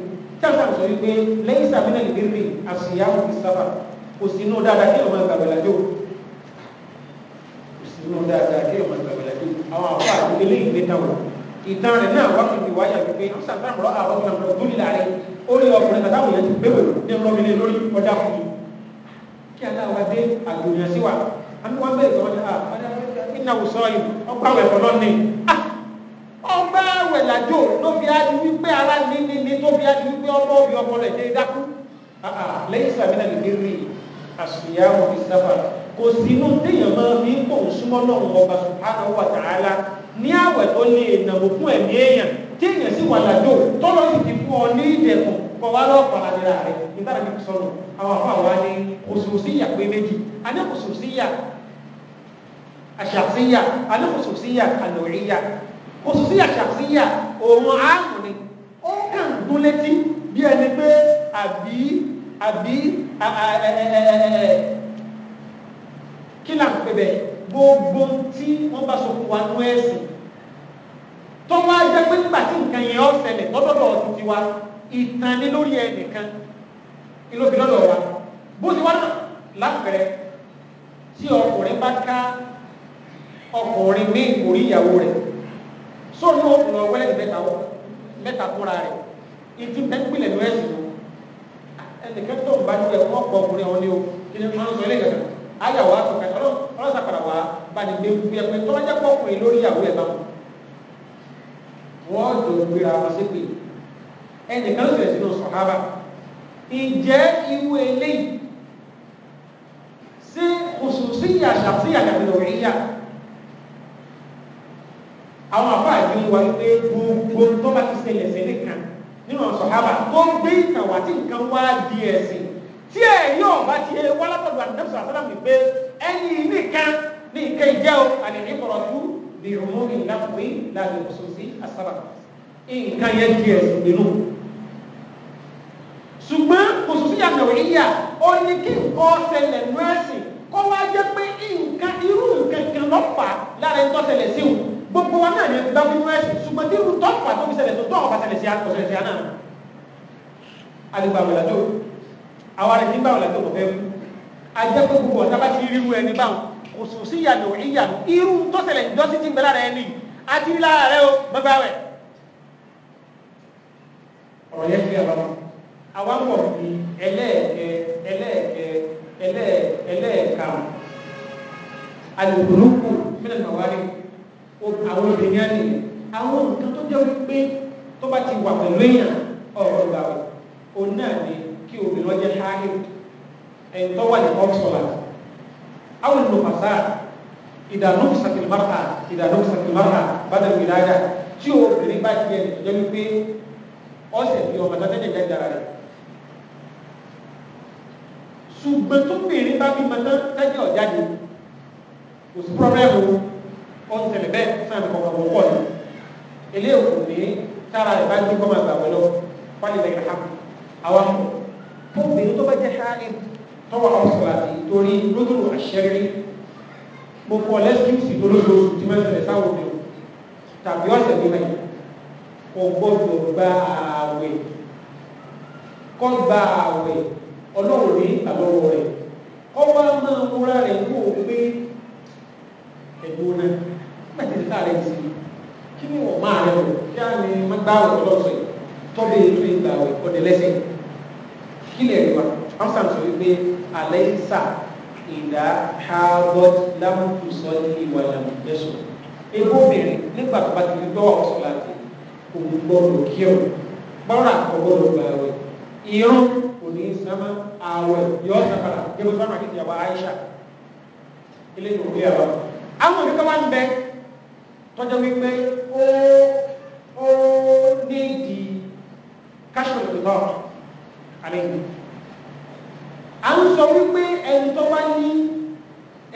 tí a sàn sọ wípé lẹ́yìn sàmì lè bí rìn àṣìyá òfin sábà kò sí inú dáadáa kí ọmọ ìgbàgbọ́lá jò kò sí inú dáadáa kí ọmọ ìgbàgbọ́lá jò àwọn àwọn àti eléyìí lè dáwọ̀ ìtàn rẹ̀ náà wọ́n fi wáyà wípé amsa gbàgbọ́ àwọn ọmọ ìgbàgbọ́ tó nílà rẹ̀ ó rí ọkùnrin kàtàwọ̀ yẹn ti gbéwò ní ọmọ mi lé lórí ọjà fún mi kí aláwa dé àgbòyàn sí wa àmì wọn bẹ́ẹ̀ gbọ́dọ̀ ní ìnáwó sọ́ọ̀yì ọgbà wẹ̀ fọlọ́ ní ọgbà wẹ̀ làjò ló fi á di wípé ara ní ní ní tó fi á di wípé ọmọ òbí ọmọ rẹ̀ dé dákú lẹ́yìn sàmìnà lè dé rí i àṣùyàwó fi sáfà kò sí inú téèyàn máa fi ń pòun súnmọ́ lọ́wọ́ ọba subhanahu wa ta'ala ní àwẹ̀ tó lè nàbò fún ẹ̀mí èèyàn téèyàn sì wà lájò tọ́lọ́ sì ti fún ọ ní ìdẹ̀kùn kọ wá lọ́ọ̀ pa àdìrà rẹ̀ nígbàdàn kí n sọ̀rọ̀ àwọn àfọ àwa ní kòsòsíyà pé méjì a ní kòsòsíyà àṣàṣíyà a ní kòsòsíyà àlòríyà kòsòsíyà àṣàṣíyà òun ààrùn ni ó kàn dún létí bí ẹni pé àbí àbí Ah, ah, eh, eh, eh, kí là ń pè bẹ́ẹ̀ gbogbo tí wọ́n bá sọ fún wa nú ẹ̀sìn tó wá jẹ́ pé nígbà tí nǹkan yẹn ó ṣẹlẹ̀ lọ́dọ̀dọ̀ ọ̀sìn ti wa ìtàn ní lórí ẹnìkan ìlóbi lọ́dọ̀ wa bó ti wá náà lápẹ̀rẹ̀ tí ọkùnrin bá ká ọkùnrin ní orí ìyàwó rẹ̀ sóòrùn náà ó lọ wẹ́lẹ́ mẹ́ta kúnra rẹ̀ ìdí mẹ́pìlẹ̀ lọ́ẹ̀sìn ẹnìkan tó ń bá ní ẹ̀wọ̀n ọ̀pọ̀ ọkùnrin ọ̀hún ni o kí ni wọ́n sọ ilé ìgbàgbọ́ ayàwó àtọ̀kẹ́ ọlọ́sà padà wá bá ní gbé gbé ẹgbẹ́ tó wájá pọ̀ ọkùnrin lórí ìyàwó ẹ̀ báwọn. wọ́n jọ gbéra wọn sí pé ẹnìkan ló ṣẹlẹ̀ sínú sọ̀hábà ìjẹ́ irú eléyìí sí kùsùsíyà ṣàṣíyà àdàbìlọ̀ríyà àwọn àfáà ti ń wá pé gbogbo tó bá ti ṣẹlẹ̀ sẹ́nìkan nínú sọ̀hábà tó ń gbé ìtàn wá tí nǹkan wá di ẹ̀sìn tí ẹ̀ yóò bá ti wá látọ̀dọ̀ àdínẹ́bùsọ̀ àtàlà mi pé ẹni nìkan ní ìkẹ́ ìjẹ́ o àlèrí kọ̀rọ̀ tú bí òmù ìlàkùnwé láàrin òṣòṣì àsábà nǹkan yẹn di ẹ̀sìn nínú. ṣùgbọ́n òṣòṣì yàtọ̀ ìyà ó ní kí nǹkan ṣẹlẹ̀ nú ẹ̀sìn kó wá jẹ́ pé nǹkan irú nǹkan kan lọ́fà láàrin tó ṣẹlẹ̀ sí òun gbogbo wa náà ní gbá wíwú ẹ̀sìn ṣùgbọ́n tí irú tọ́pù àtọ́bí ṣẹlẹ̀ tó tọ́ ọ̀pá ṣẹlẹ̀ sí àkọsẹ̀lẹ̀ sí àná àdìgbà wọ̀lá tó àwọn arẹ̀ nígbà wọ̀lá tó kọ̀ fẹ́ kú ajẹ́ pé gbogbo ọ̀tá bá ti rí irú ẹni báwọn kò sùn sí ìyànà ìyànà irú tó ṣẹlẹ̀ ìjọsí ti ń bẹ lára ẹni àti rí lára rẹ o gbẹgbẹ awẹ. ọ̀rọ̀ yẹn fi àbámọ́ àwọn pọ̀ fi ẹlẹ́ẹ̀kẹ́ ẹlẹ́ẹ̀kẹ́ ẹlẹ́ẹ̀kẹ́ ẹlẹ́ẹ̀kà alùpùpù mílíọ̀nù àwárí àwọn obìnrin á nìyẹn àwọn nǹkan tó jẹ́ wípé tó bá ti wà pẹ̀lú èèyàn ọ̀rọ̀ gbà wọ̀ náà ni kí obìnrin ọjẹ́ háhìm ẹ̀ńtọ́ wà ní ọ́fṣọ́là àwọn ìlú fàṣà ìdààmú sàkìlmárà ìdààmú sàkìlmárà bàdà ìlàjà tí obìnrin bá ti ẹni tó jẹ́ wípé ọ̀sẹ̀ bí ọmọ tó tẹ́jẹ̀ dáadáa rẹ̀ ṣùgbọ́n tó bèèrè bá bí mọ́tán tẹ́jẹ̀ ọ̀jáde kò sí pọ́blẹ́mù ọ̀sẹ̀lẹ̀ bẹ́ẹ̀ sáàmì kọ̀ọ̀kan kò pọ̀ ní ilé òkú ní tára rẹ̀ bá gbé kọ́ máa gbàgbé lọ wálé lẹ́yìn àmì àwọn àmọ̀ fún obìnrin tó bá jẹ́ hálì tọ́wọ́ ọ̀sọ̀ àti torí lódùrù àṣẹrí mo fọ lẹ́sìkìsì tó lóṣù tí máa ń ṣẹlẹ̀ sáwọn mi tàbí ọ̀sẹ̀ mi kò gbọ́dọ̀ gba ààwẹ̀ kọ́ gba ààwẹ̀ ọlọ́run ní ìgbàlọ́wọ́ rẹ̀ ọwọ́ máa múra rẹ̀ kó o pé ẹ̀dùn náà pẹ̀tẹ́ tá a rẹ̀ ti kí ni wọ́n máa rẹ̀ wọ̀ kí á ní mọ́gbà wọ̀ lọ́sọ̀ yìí tọ́bẹ̀ ètò ìgbà wẹ̀ ọ̀dẹ̀ lẹ́sẹ̀ kí lè rí wa wọ́n sàn sọ wípé alẹ́ sà ìdá harvard lámùtù sọ́ọ́lì ìwà ìlànà ìjẹ́sọ̀ ewu obìnrin nígbà tó bá ti rí gbọ́wọ́ sọ láti òun gbọ́dọ̀ kí ọ̀ gbọ́dọ̀ àkọ́gbọ́dọ̀ gbà wẹ̀ irun òní sámá àwẹ̀ yọ sábàrà gẹ́gẹ́ bá màkìtì àwọn Aisha ilé ìwòye àwọn àwọn òbí kan wá ń bẹ tọ́jọ́ wípé ó ó ní ìdí káṣọ̀lù ìbọ̀ àlejò à ń sọ wípé ẹni tó bá ní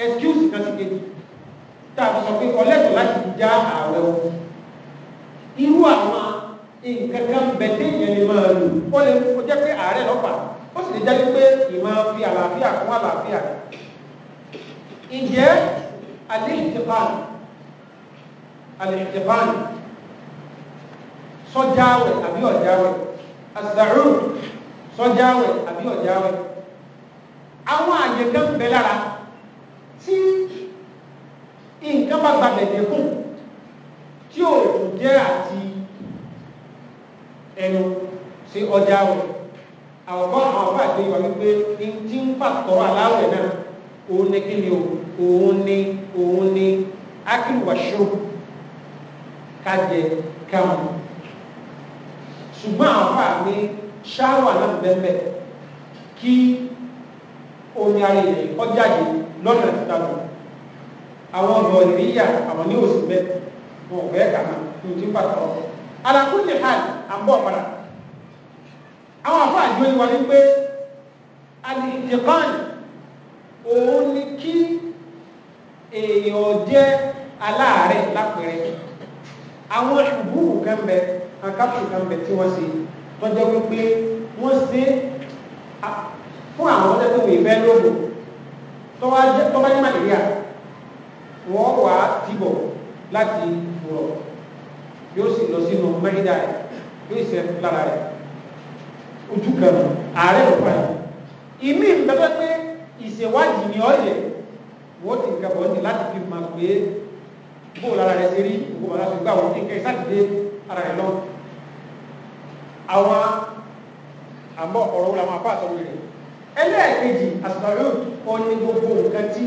excuse kan sí kejì tá a sọ pé ọlẹ́tọ̀ láti já ààrẹ o irú àwọn nǹkan kan bẹ̀tẹ̀ yẹn lè máa lò ó lè ó jẹ́ pé ààrẹ lọ́pàá ó sì lè jáde pé ìmọ̀ fi àlàáfíà kún àlàáfíà ǹjẹ́ àdéhùn ti pa al-i'tiqal sọ́jáwẹ̀ àbí ọ̀jáwẹ̀ àṣàrù sọ́jáwẹ̀ àbí ọ̀jáwẹ̀ àwọn àyè kan bẹ lára tí nǹkan bá gbàgbẹ̀dẹ̀ kùn tí ò jẹ́ àti ẹnu sí ọjáwẹ̀ àwọ̀kọ́ àwọn àbá àti ìwà wípé tí ń pàtọ́ aláwẹ̀ náà òun ni kí ni òun ni kájẹ káwọn ṣùgbọ́n àwọn àmì ṣáwà náà bẹ́ẹ̀ kí omi ara ilẹ̀ kọjáde lọ́nà ìtàkùn àwọn ọmọ ìrìyà àwọn ní òsì bẹ́ẹ̀ wọn ò bẹ́ẹ̀ kà náà ní ti pàtó alákùnrin hàn àbọ̀ padà àwọn afọ àjọ ìwà ni pé alìtìkọ́ọ̀nì òun ni kí èèyàn jẹ́ aláàárẹ̀ lápẹ̀rẹ̀ àwọn ṣùgbúrù kan bẹ àkápsù kan bẹ tí wọ́n ṣe tọ́jọ́ wípé wọ́n ṣe fún àwọn ọjọ́ tó wù ìfẹ́ lóògùn tọ́ba ní màlẹ́ríà wọ́n wà á tìbọ̀ láti rọ̀ yóò sì lọ sínú mẹ́rídà rẹ̀ yóò sì lára rẹ̀ ojú kan ààrẹ ló pa yìí ìmí ìgbàgbọ́ pé ìṣèwádìí ni ọ̀yẹ̀ wọ́n ti gbàgbọ́ ní láti fi mọ̀ pé bó lára rẹ̀ ṣe rí gbogbo ara fi gbà wọ́n ní kẹ́ sátidé ara rẹ̀ lọ àwọn àmọ́ ọ̀rọ̀ wọn àwọn apá àtọ́wò rẹ̀ ẹlẹ́ẹ̀kejì àtàrí ọ̀nì gbogbo nǹkan tí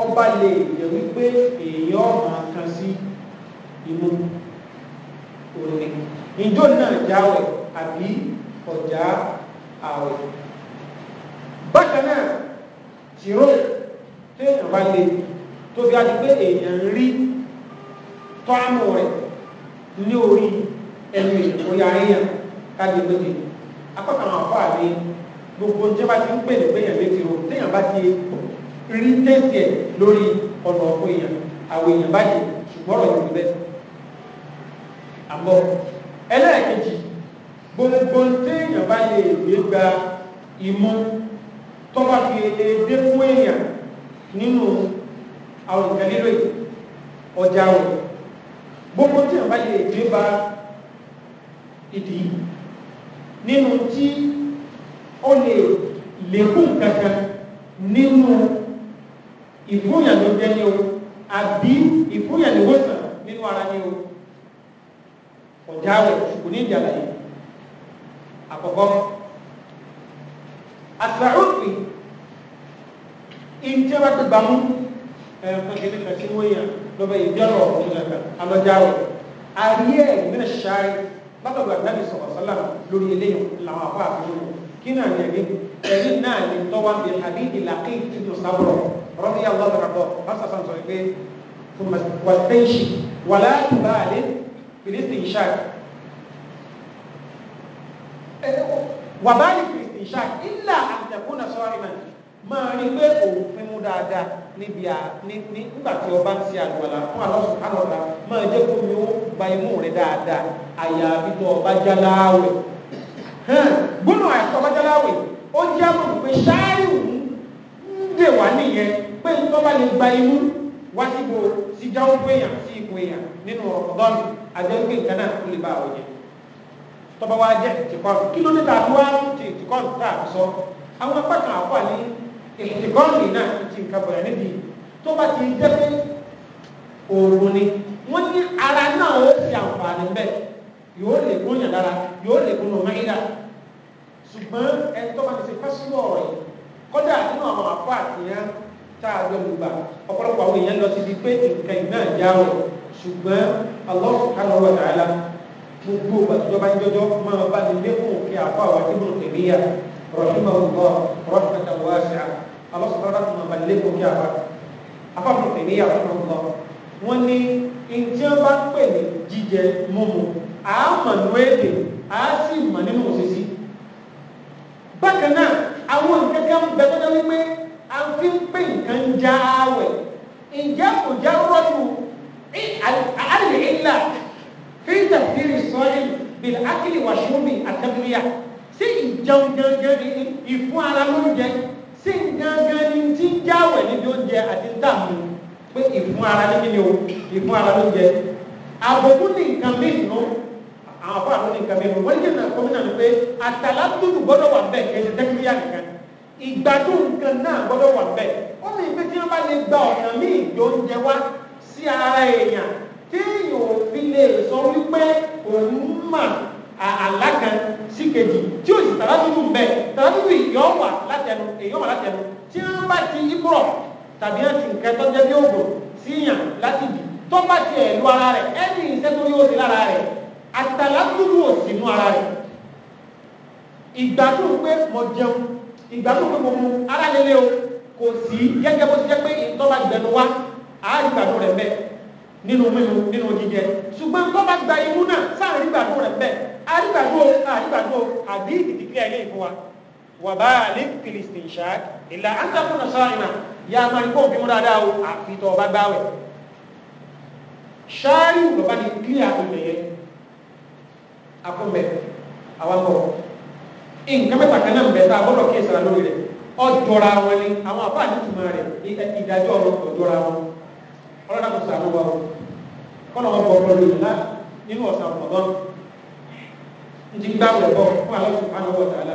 ọba lè yẹ wípé èèyàn ọ̀mà kan sí inú òní ìjọ náà jáwẹ̀ àbí ọjà àwẹ̀ bákan náà tìró téèyàn bá lè tó fi àti pé èèyàn ń rí tọ́ámù rẹ̀ ní orí ẹnu èèyàn kó ya èèyàn kájí méjì akọ́kàn àwọn àfọ́ àmì gbogbo oúnjẹ bá ti ń pè ní péyàn létí o téèyàn bá ti rí tẹ́sí ẹ̀ lórí ọ̀nà ọ̀pọ̀ èèyàn àwọn èèyàn báyìí ṣùgbọ́n ọ̀rọ̀ yìí bẹ́ẹ̀ àmọ́ ẹlẹ́ẹ̀kejì gbogbo téèyàn bá lè gbé gba ìmú tọ́ba fi èdè fún èèyàn nínú àwọn nǹkan nílò yìí ọjà wọn gbogbo tí a bá lè dé bá ìdí nínú tí ó lè lékún kankan nínú ìfúnyàlójẹ ni o àbí ìfúnyàlówòsàn nínú ara ni o ọjà wọn ṣùgbọ́n ní ìjà láyé àkọ́kọ́ àṣà òfin ìjẹba gbígbàmú ẹ̀fọn kìíní kan sínú èèyàn lọ́bẹ̀ ìjọ́rọ̀ ọ̀hún kankan alọ́jàrọ̀ ayé ẹ̀ mìíràn ṣáì látọ̀gbà dábì sọ̀rọ̀ sọ́là lórí eléyàn làwọn afọ àfihàn kí náà ní ẹ̀rí ẹ̀rí náà ní tọ́wá bí àbídì làkì ìdùn sábọ̀rọ̀ rọ́bí àwọn ọ̀dọ̀ pásítọ̀sán sọ pé wàtẹ́ǹṣì wàlá ìbáàlẹ́ fìdísì ìṣá wàbáyé fìdísì ìṣá ìlà àtẹ̀kùn náà máa rí pé òun pín mú dáadáa níbi à nígbà tí ọba ń ṣe àlùwàlà fún àlọ́sùn àlọ́ta máa jẹ́ kó mi ó gba imú rẹ dáadáa àyà àbítọ̀ ọba jáláwẹ̀ gbónà àìsàn ọba jáláwẹ̀ ó jẹ́ àmọ̀ pé ṣáárì òun ń dè wá nìyẹn pé tó bá lè gba imú wá síbo sí jáwó péyàn sí ipò èèyàn nínú ọ̀dọ́nù àjẹgbé nǹkan náà ó lè bá àwọn yẹn tọ́ba wa jẹ́ ìtìkọ́nù kí ló dé tàbí wá ti ìtìkọ́nù tá àwọn apá kan àkọ́ àní ìtìkọ́ọ̀nì náà ti ti nǹkan bọ̀rẹ̀ níbi tó bá ti jẹ́ pé òòrùn ni wọ́n ní ara náà ó sì àǹfààní bẹ́ẹ̀ yóò lè kún yàn lára yóò lè kún ọmọ ìdá ṣùgbọ́n ẹni tó bá ti ṣe fásitì ọ̀rọ̀ yìí kọ́dà nínú àwọn àpá àtìyàn tá a jọ lùgbà ọ̀pọ̀lọpọ̀ àwọn èèyàn lọ sí ibi pé nǹkan ìgbà jáwọ̀ ṣùgbọ́n Allah subhanahu wa ta'ala gbogbo ìgbàjọba ìjọjọ́ máa bá ní lékún òkè àpá àwọn àti ìbùnú kèmíyà rahimahullah rahmatan Allah subhanahu wa ta'ala mọ̀ balẹ̀ kò kí àbá afáfún tèmi yà fún ọgbọ wọn ní nǹkan bá ń pè ní jíjẹ mímu àámọ̀nú èdè á sì mọ̀ nínú òṣìṣì bákan náà àwọn nǹkan kan bẹ tó dá wípé a fi ń pè nǹkan já àwẹ̀ ǹjẹ́ kò já rọ́tù àlè ìlà fi tafsiri sọ́ọ̀lì bil akli wa shubi sí ìjẹun gẹ́gẹ́ ìfún ara lóúnjẹ tí ngangan ni ti ń jáwẹ̀ níbi oúnjẹ àti ń dààmú pé ìfún ara ní kíni o ìfún ara ló jẹ àbòkú ní nǹkan mìíràn àwọn afọ àbòkú ní nǹkan mìíràn wọ́n ní kíni gómìnà ni pé àtàlà dúdú gbọ́dọ̀ wà bẹ́ẹ̀ kẹ́sì tẹ́kíríyà nìkan ìgbádùn nǹkan náà gbọ́dọ̀ wà bẹ́ẹ̀ ó ní pé tí wọ́n bá lè gba ọ̀nà míì jọ oúnjẹ wá sí ara èèyàn téèyàn ò fi lè sọ wípé òun mà alákan sí kejì tí ó sì tàbá dúdú mbẹ tàbá dúdú yọ wà látẹnu èyí wà látẹnu tí wọn bá ti ikúrọ tàbí wọn ti nǹkan tó jẹ bí ògùn síyàn láti bì tó bá ti ẹ̀ lu ara rẹ̀ ẹni iṣẹ́ tó yóò sí lára rẹ̀ àtàlá dúdú ò sí nú ara rẹ̀ ìgbà tó pé mo jẹun ìgbà tó pé mo mu ara lélẹ̀ o kò sí gẹ́gẹ́ bó ti jẹ́ pé ìtọ́ bá gbẹnu wá àá ìgbà tó nínú mímu nínú jíjẹ ṣùgbọ́n tó bá gba imú náà sáà rígbàdó rẹ̀ bẹ́ẹ̀ àrígbàdó àrígbàdó àbí ìdìdìkí ilé ìfún wa wà bá àlè kìlìsì ìṣáàk ìlà àǹtàkùn náà sáà ìnà ya máa ń kó òfin múra dáa o àfi tó ọba gbáwẹ̀ ṣáàrí lọ́ba ní kí àwọn ènìyàn akọ́mẹ̀ àwọn bọ̀ nǹkan mẹ́ta kan náà ń bẹ̀ tá a gbọ́dọ̀ kí ìsara lórí rẹ̀ ọjọ́ra wọn ni àwọn àbá àti ìtumọ̀ rẹ̀ ìdájọ́ ọ̀rọ̀ ọjọ́ra kọ́lọ́dà kò sàánú wa o kọ́lọ́ wọn bọ̀ ọ̀pọ̀lọpọ̀ ìlà nínú ọ̀sán ọ̀pọ̀lọpọ̀ ń ti gbá wẹ̀ bọ̀ fún Allah subhanahu wa ta'ala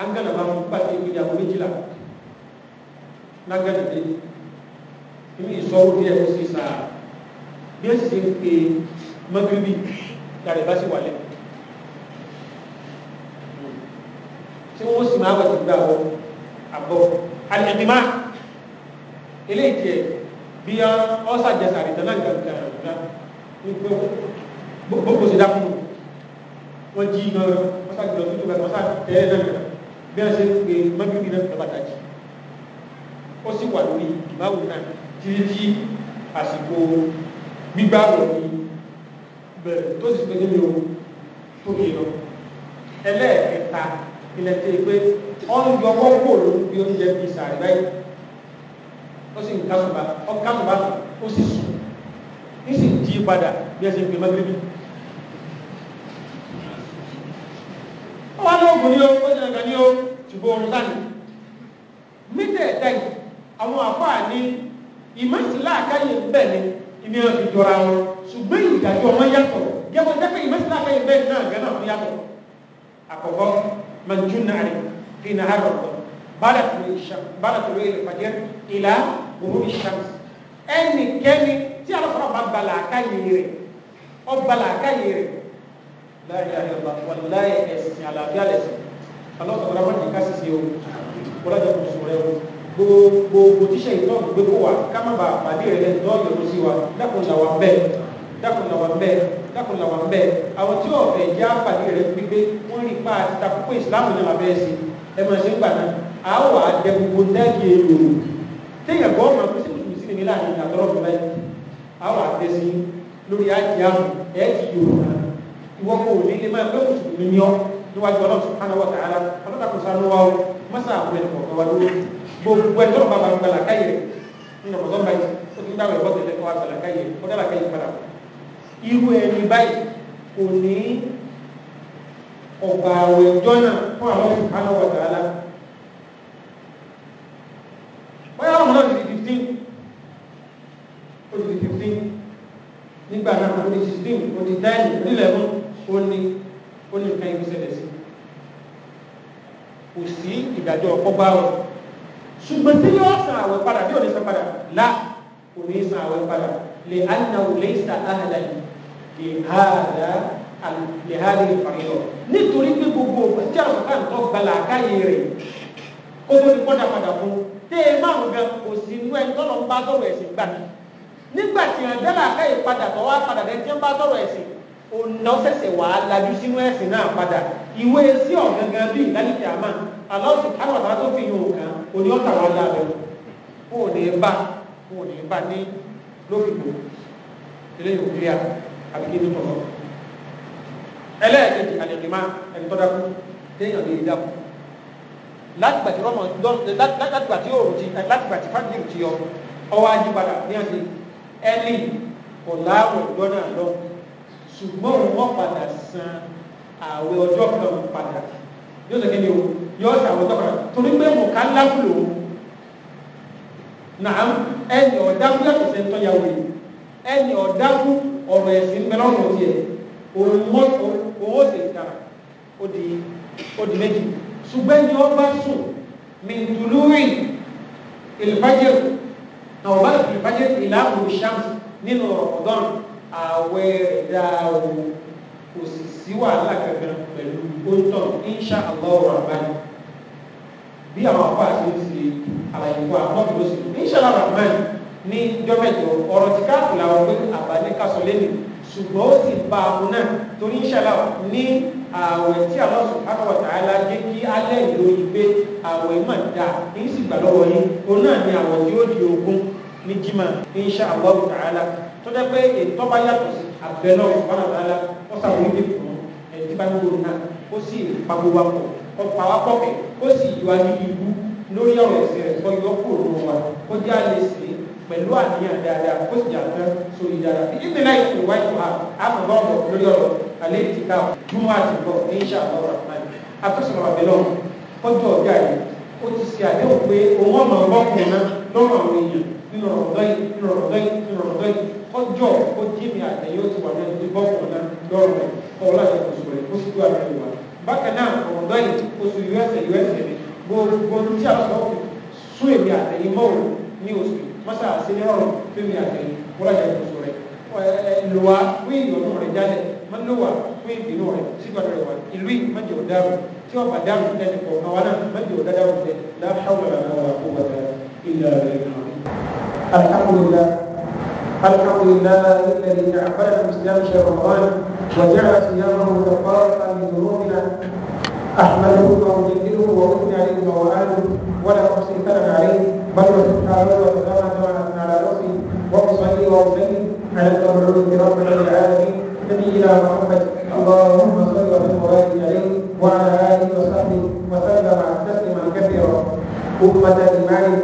an gana ba mu pàṣẹ ìpínlẹ̀ àwọn méjìlá lágbàdì dé inú ìsọwọ́ bí ẹ̀kọ́ sí sáà bí ó sì ń pe mọ́gíríbì yàrá ìbá sí wà lẹ́nu tí wọ́n sì máa wà sí gbà wọ́n àbọ̀ àlẹ́mìmá eléyìí bí ọ́sà jẹsàrì tẹ́lá ìgbàgbà ìgbà gbogbo ṣe dákùn wọ́n jí iná ọ́sà jùlọ tó gbàgbà ọ́sà tẹ́lẹ̀ náà bí wọ́n ṣe ń pe mọ́gìrì náà lọ́ba tàjì ó sì wà lórí ìmáwò náà títí tí àsìkò gbígbà rẹ̀ ní bẹ̀rẹ̀ tó sì pé nínú tó lọ ẹlẹ́ẹ̀kẹta ilẹ̀ tẹ́ pé ọ́n yọ wọ́n kò ló ń oúnjẹ bíi sàrí báyìí ó sì ń kásùnbà ọkásùnbà ó sì sùn ní sì jí padà bí ẹsẹ̀ pé magrebi ó wá lóògùn ní o ó sì nàgà ní o ṣùgbọ́n oorun sáni mítẹ̀ẹ̀tà àwọn àfáà ní ìmọ̀sílá àkáyè bẹ́ẹ̀ ni ìní ọ̀fi jọra wọn ṣùgbọ́n ìdájọ́ wọn yàtọ̀ gẹ́gbọ́n jẹ́ pé ìmọ̀sílá àkáyè bẹ́ẹ̀ náà gẹ́nà wọn yàtọ̀ àkọ́kọ́ mọ̀júnà rẹ̀ kí n bala tulu isham bala tulu ilfajr ila ghurub ishams ẹni kẹ́ni tí alafara ba bala aka yere ọ bala aka yere la ilaha illallah walayi ẹ̀sìn àlàáfíà lẹ̀sìn alọsọgbọnna wọn ti ká sise o wọlé ẹjọ́ kò sọ̀rọ̀ ẹwọ gbogbo tíṣẹ ìtọ́ gbogbo kó wa kama ba pàdé rẹ lẹ ntọ́ yọrọ sí wa dákun là wà bẹ dákun là wà bẹ dákun là wà bẹ àwọn tí yóò fẹ́ já pàdé gbígbé wọn rí pa àti takò ìsìlámù ní ma bẹ́ẹ̀ máa ṣe ń gbà náà a wà á jẹ gbogbo dáàkì èrò téèyàn kọ́ ọmọ pèsè mùsùlùmí sí ni láàrin ìdàtọ́rọ̀ fún báyìí a wà á tẹ̀sí lórí àjẹ àrùn ẹ̀ ti yòrò náà ìwọ kò ní lè máa fẹ́ mùsùlùmí ni ọ́ níwájú ọlọ́run subhanahu wa ta'ala ọlọ́ta kò sá lówà o mọ́sá àwọn ẹnì kọ̀ọ̀kan wa lówó gbogbo ẹjọ́ bàbá ń gbala káyè rẹ̀ nínú ọ̀pọ̀ tọ́ba yìí ó ti ń dáwọ̀ ẹ̀kọ́ tẹ̀lé kọ́wà gbala káyè rẹ̀ ọ̀dọ́ làkàyè padà irú ẹni báyìí kò ní ọ̀gbà àwẹ̀ fifteen nígbà náà ó di sixteen ó di nine ó di eleven ó ní ó ní nǹkan ibi ṣẹlẹ̀ sí kò sí ìdájọ́ ọgbà wọn ṣùgbọ́n tí yóò san àwẹ̀ padà bí ò ní san padà la kò ní san àwẹ̀ padà lè anáwó lè sa àhàlà yìí lè hàdà lè hàdà ìfàyọ nítorí pé gbogbo ọgbà tí àwọn kan tó gbalà káyé rẹ kó tó ní kọ́dà padà fún tẹ́ ẹ máa ń gan kò sí inú ẹ tọ́lọ́ ń bá tọ́lọ́ ẹ̀sìn gbà nígbà tí yàn dá làákà yìí padà bọ̀ wá padà dé tí ń bá sọ̀rọ̀ ẹ̀sìn ònà ṣẹ̀ṣẹ̀ wàá lajú sínú ẹ̀sìn náà padà ìwé sí ọ̀gangan bíi ìdálẹ́kẹ̀ àmà aláwọ̀sì káwàtà tó fi yòó kan òní ọ̀tà wà lábẹ́ o ò ní bá o ò ní bá ní lófìgbò eléyìí òkúri à àbíké ní tọ̀lọ̀ ẹlẹ́ẹ̀kejì àlẹ́kìmá ẹni tọ́ dákú téèyàn lè dákú látìgbà tí rọ́mọ látìgbà tí òòrùn ti látìgbà tí fájìlì ti yọ ọwọ́ ajípadà ní àti ẹlì ọ̀la àwọ̀ ìgbọ́nà lọ ṣùgbọ́n òun wọ́n padà san àwẹ̀ ọjọ́ kan padà yóò sọ kéde o yóò sọ ọjọ́ kan torí pé mo ká lábùlò nàá ẹni ọ̀dákú yàtọ̀ sí ẹ̀tọ́ yàwó yìí ẹni ọ̀dákú ọ̀rọ̀ ẹ̀sìn bẹ́ẹ̀ lọ́rùn tiẹ̀ òun mọ́ òun ó sì ó di ó di méjì ṣùgbọ́n ẹni ọba sùn mìtúlúwìn ìlfàjẹ̀rù àwọn bá tún ìbájẹ́ ìlànà ìṣàmù nínú Ramadan ààwẹ̀ rẹ̀ dáa o kò sì sí wàhálà kankan pẹ̀lú gbóńtọ̀ insha Allah rahman bí àwọn afọ àti ìsì àlàyé fún àwọn ọmọ ìlú insha Allah rahman ní jọ́mẹ̀jọ ọ̀rọ̀ tí káàkiri làwọn pé àbálẹ́ kásọ̀ lẹ́nu ṣùgbọ́n ó sì bá a náà torí insha Allah ní ààwẹ̀ tí Allah subhanahu wa ta'ala jẹ́ kí alẹ́ ìròyìn pé ààwẹ̀ mà dáa èyí sì gbà lọ́wọ́ òun náà ni àwọ̀ tí ó di ogun ní jimá insha allah ta'ala tó dẹ́ pé ètò bá yàtọ̀ sí abẹ́nà ọ̀bánà ta'ala ó sàwọn ìdí fún ẹ̀ẹ́dì bá ń gbòòrò náà ó sì pàgbó wa pọ̀ kọ́ pàwá pọ̀ kẹ́ ó sì yọ ayé ibú lórí ọ̀rọ̀ ẹ̀sìn rẹ̀ kọ́ yọ kúrò lọ́wọ́ wa ó jẹ́ àlè sí pẹ̀lú àníyàn dáadáa ó sì jà tán sórí dáadáa fi ìdí náà ìtò wáyé wa àmọ̀gbọ́ ọ̀rọ̀ lórí ọ̀rọ̀ alẹ́ ti ká júmọ́ àti bọ̀ insha allah rahman àtúnṣe àbẹ̀lọ́ kọjú ọ̀gá yìí nínú ọ̀rọ̀ lọ́yìn nínú ọ̀rọ̀ lọ́yìn nínú ọ̀rọ̀ lọ́yìn kọjọ́ kó jẹ́mi àtẹ̀yẹ́ ó ti wà lẹ́nu ìbọ́kùn náà lọ́rùn rẹ̀ ọ̀la ti kò sùpẹ̀lẹ̀ kó sì tó àrẹ ìwà bákan náà ọ̀rọ̀ lọ́yìn oṣù usa usa ni gbogbo tí a sọ fi sún èmi àtẹ̀yẹ́ mọ́rùn ní oṣù mọ́sá àṣírí ọ̀rọ̀ fẹ́mi àtẹ̀yẹ́ ọ̀la ti kò sùpẹ̀lẹ̀ lùwà fún ìyọ̀nù rẹ̀ jálẹ̀ mọ́lúwà fún ìbínú rẹ̀ sígbà rẹ̀ wà ìlú ìmọ̀jẹ̀ ọ̀daràn tí dáhùn lẹ́nu kọ̀ọ̀kan wa náà mọ̀jẹ̀ ọ̀daràn lẹ́nu láhàwọ̀ làwọn àwọn àkóbọ̀tà ìlà rẹ̀ náà. الحمد لله الحمد لله الذي جعلنا الإسلام شهر رمضان وجعل صيامه كفارة من ذنوبنا أحمده وأجلله وأثني عليه وأعانه ولا أحصي ثناء عليه بل وسبحانه وتعالى على نفسي وأصلي واصلي على المبعوث رب العالمين نبينا محمد اللهم صل وسلم وبارك عليه وعلى آله وصحبه وسلم تسليما كثيرا أمة إيمان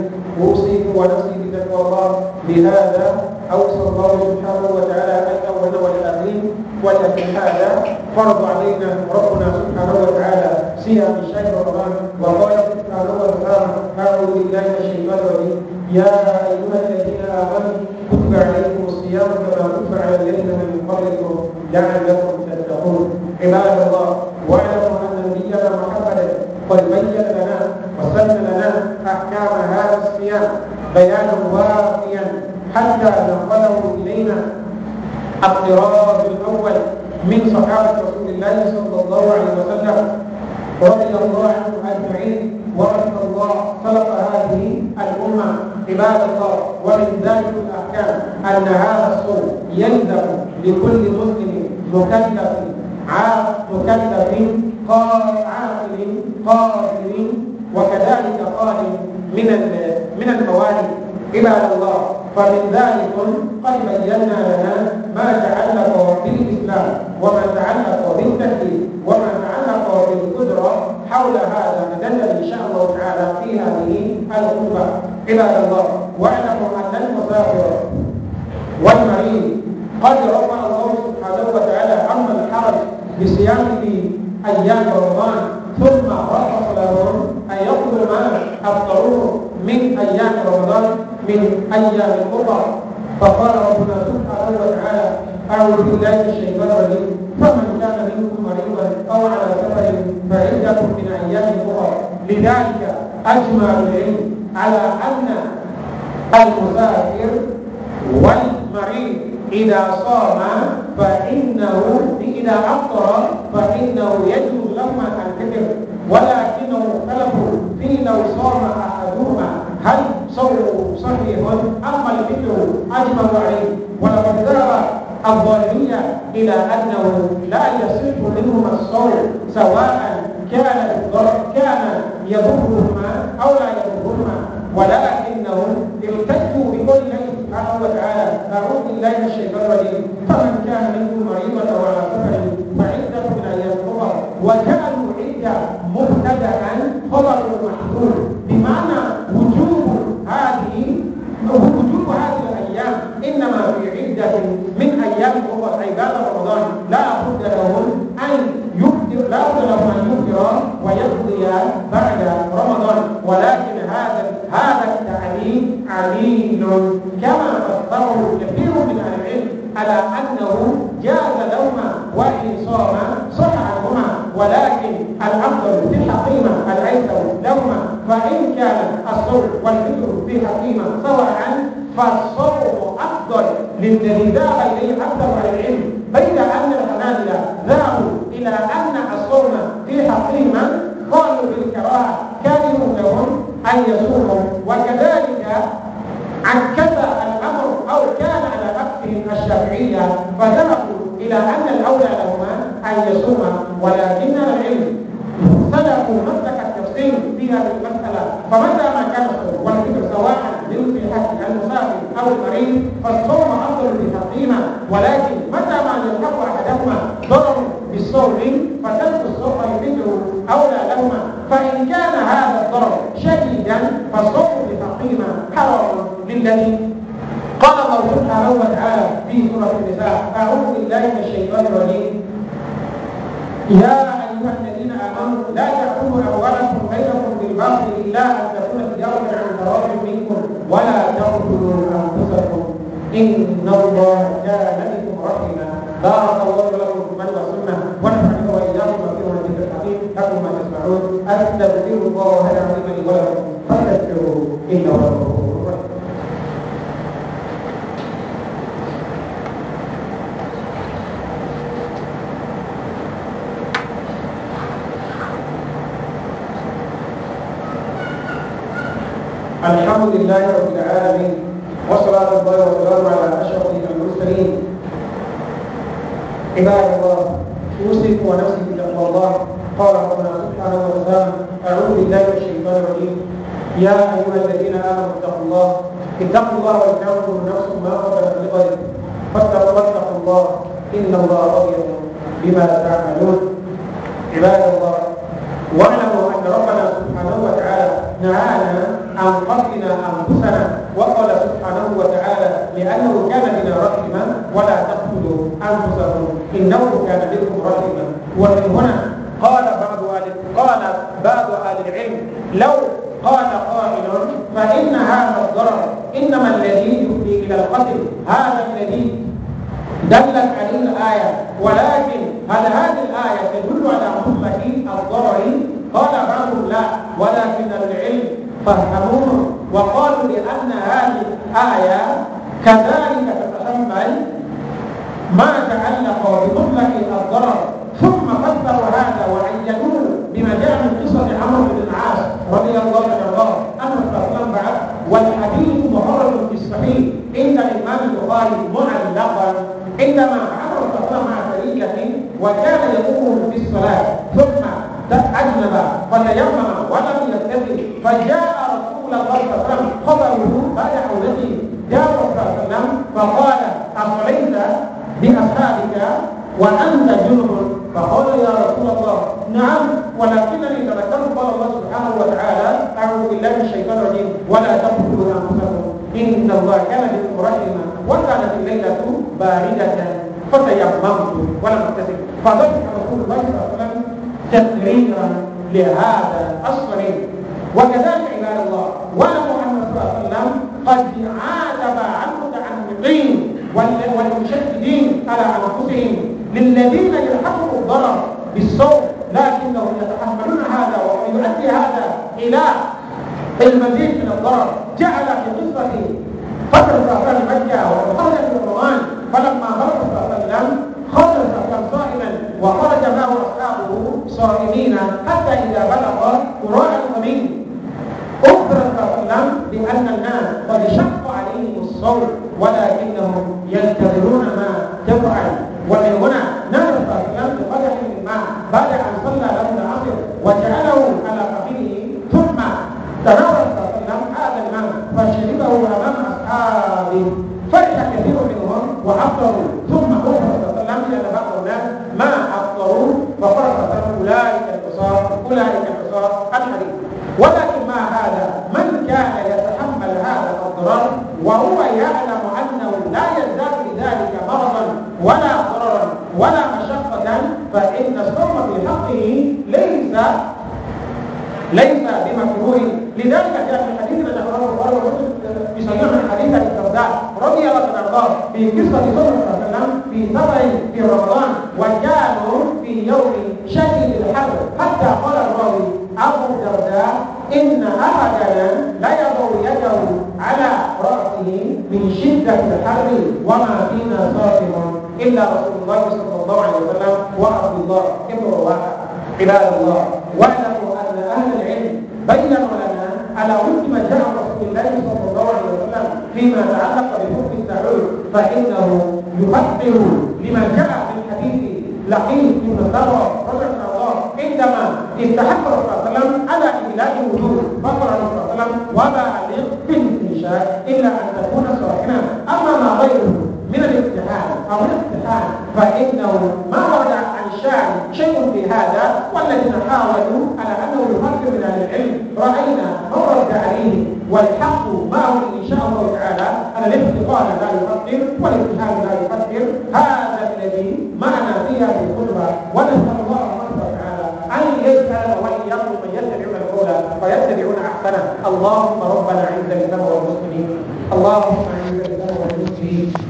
أوصيكم ونفسي بتقوى الله بهذا أوصى الله سبحانه وتعالى الأول والآخرين ولكن هذا فرض علينا ربنا سبحانه وتعالى صيام الشهر رمضان وقال سبحانه وتعالى أعوذ بالله من الشيطان الرجيم يا أيها الذين آمنوا كتب عليكم الصيام كما كتب على الذين من قبلكم لعلكم تتقون عباد الله واعلموا أن نبينا محمدا قد بين وبين لنا أحكام هذا الصيام بيانا وافيا حتى نقله إلينا الطراز الأول من صحابة رسول الله صلى الله عليه وسلم رضي الله عنه أجمعين ورحمة الله خلق هذه الأمة عباد الله ومن ذلك الأحكام أن هذا الصوم يلزم لكل مسلم مكلف عاقل مكلف قاعد قادر وكذلك قال من من الموالد عباد الله فمن ذلك قد بينا لنا ما تعلق بالاسلام وما تعلق بالتكليف وما تعلق بالقدره حول هذا مدلل ان شاء الله تعالى في هذه الخطبه عباد الله واعلموا ان المسافر والمريض قد رفع الله سبحانه وتعالى عما الحرج بصيامه ايام رمضان ثم رخص لهم أن يقضوا ما الطعوم من أيام رمضان من أيام القرى فقال ربنا سبحانه وتعالى أعوذ بالله من الشيطان الرجيم فمن كان منكم مريضا أو على سفر فعدة من أيام أخرى لذلك أجمع العلم على أن المسافر والمريض إذا صام فإنه إذا أفطر فإنه يجوز لهما أن ولكنه اختلف في لو صام أحدهما هل صومه صحيح أم الفطر أجمع عليه ولقد ذهب الظالمية إلى أنه لا يصح منهما الصوم سواء كان كان يضرهما أو لا يضرهما ولكنهم التجوا بكل سبحانه وتعالى أعوذ بالله من الشيطان الرجيم فمن كان منكم مريضا أو على سفر فعدة من أيام أخرى وجعلوا عدة مبتدأ خبر محمول بمعنى وجوب هذه وجوب هذه الأيام إنما في عدة من أيام أخرى أي بعد رمضان لا بد لهم أن يبدأ لا بد لهم أن يبدأ ويقضي بعد رمضان ولكن هذا هذا التعليم عليم كما أخبره كثير من أهل العلم على أنه جاز لهما وإن صام صح عنهما ولكن الأفضل في الحقيمة الأيسر لهما فإن كان الصوم والفطر في حقيمة سواء فالصوم أفضل للذي ذهب إليه أكثر أهل العلم بين أن الحنابلة ذهبوا إلى أن الصوم في حقيمة قالوا بالكراهة كانوا لهم أن يصوموا وكذلك عن كذا الامر او كان على نفسهم الشافعيه فذهبوا الى ان الاولى لهما ان يصوما ولكن العلم سلكوا مسلك التفصيل في هذه المساله فمتى ما كان الصوم سواء سواء حق المسافر او المريض فالصوم افضل بحقهما ولكن متى ما يلحق احدهما ضرر بالصوم فترك الصوم يفيده اولى لهما فان كان هذا الضرر شديدا فالصوم بحقهما حرام للذي قال الله سبحانه وتعالى في سورة النساء أعوذ بالله من الشيطان الرجيم يا أيها الذين آمنوا لا تأكلوا أموالكم بينكم بالباطل إلا أن تكون تجارة عن تراض منكم ولا تقتلوا أنفسكم إن الله كان بكم رحيما بارك الله لكم في المن والسنة ونفعني وإياكم في الذكر الحكيم لكم ما تسمعون أستغفر الله العظيم لي ولكم فاستغفروه إنه غفور الحمد لله رب العالمين وصلاة الله وسلامه على أشرف المرسلين عباد الله أوصيكم ونفسي بتقوى الله قال ربنا سبحانه وتعالى أعوذ بالله من الشيطان الرجيم يا أيها الذين آمنوا اتقوا الله اتقوا الله ولتنظر نفس ما قدمت لغد فاتقوا الله إن الله رضي بما تعملون عباد الله واعلموا أن ربنا سبحانه وتعالى نهانا أن ربنا أنفسنا وقال سبحانه وتعالى لأنه كان بنا رحما ولا تقتلوا أنفسكم إنه كان بكم رحما ومن هنا قال بعض أهل قال بعض أهل العلم لو قال قائل فإن هذا الضرر إنما الذي يفضي إلى القتل هذا الذي دلت عليه الآية ولكن هل هذه الآية تدل على حكمة الضرر؟ قال بعضهم لا ولكن العلم فافهموه وقالوا لأن هذه الآية كذلك تتحمل ما تعلق بمطلق الضرر ثم قدروا هذا وعينوه بما جاء من قصة عمرو بن العاص رضي الله عنه أنه بعد والحديث مفرد في الصحيح عند الإمام البخاري معلقا عندما عمرو صلى مع فريقه وكان يقوم في الصلاة ثم أجنب فتيمم ولم يستطع فجاء رسول الله صلى الله عليه وسلم خبره بعد حولته جاء رسول الله صلى الله عليه وسلم فقال أصليت بأصحابك وأنت جنب فقال يا رسول الله نعم ولكنني تذكرت قول الله سبحانه وتعالى أعوذ بالله من الشيطان الرجيم ولا تقتلوا أنفسكم إن الله كان بكم رحيما وكانت الليلة باردة فتيممت ولم أتسم فضحك رسول الله صلى الله عليه وسلم تثريرا لهذا الصريح وكذلك عباد الله واعلموا محمد صلى الله عليه وسلم قد عاتب عن المتعمقين والمشددين على انفسهم للذين يلحقهم الضرر بالصوت لكنهم يتحملون هذا ويؤدي هذا الى المزيد من الضرر جعل في قصه فتره اهل مكه وفتره رمضان فلما ضرب صلى الله عليه وسلم خرج صائما وخرج معه أصحابه صائمين حتى إذا بلغ قراء القميل أخبر صلى الله عليه وسلم بأن الناس قد شق عليهم الصوم ولكنهم ينتظرون ما تفعل ومن هنا نهر صلى الله عليه وسلم بقدح من ماء بعد أن صلى له العصر وجعله على قبيله ثم تناول صلى الله عليه وسلم هذا الماء فشربه أمام أصحابه فرح كثير منهم وأفطروا ولكن ما هذا من كان يتحمل هذا الأضرار وهو يعلم أنه لا يزداد بذلك مرضا ولا ضررا ولا مشقة فإن الصوم في حقه ليس ليس بمكروه لذلك جاء في الحديث الذي أخرجه البخاري في صحيح الحديث عن الدرداء رضي الله عنه وأرضاه في قصة صلى الله عليه وسلم في سبع في رمضان وكانوا في يوم شديد الحر حتى أبدا لا يضع يده على رأسه من شدة الحر وما فينا صاحب إلا رسول الله صلى الله عليه وسلم وعبد الله ابن رواحة عباد الله واعلموا أن أهل العلم بينوا لنا على وفق ما جاء رسول الله صلى الله عليه وسلم فيما تعلق بحكم التعود فإنه يحقق حسنة اللهم ربنا عز الإسلام والمسلمين اللهم عز الإسلام والمسلمين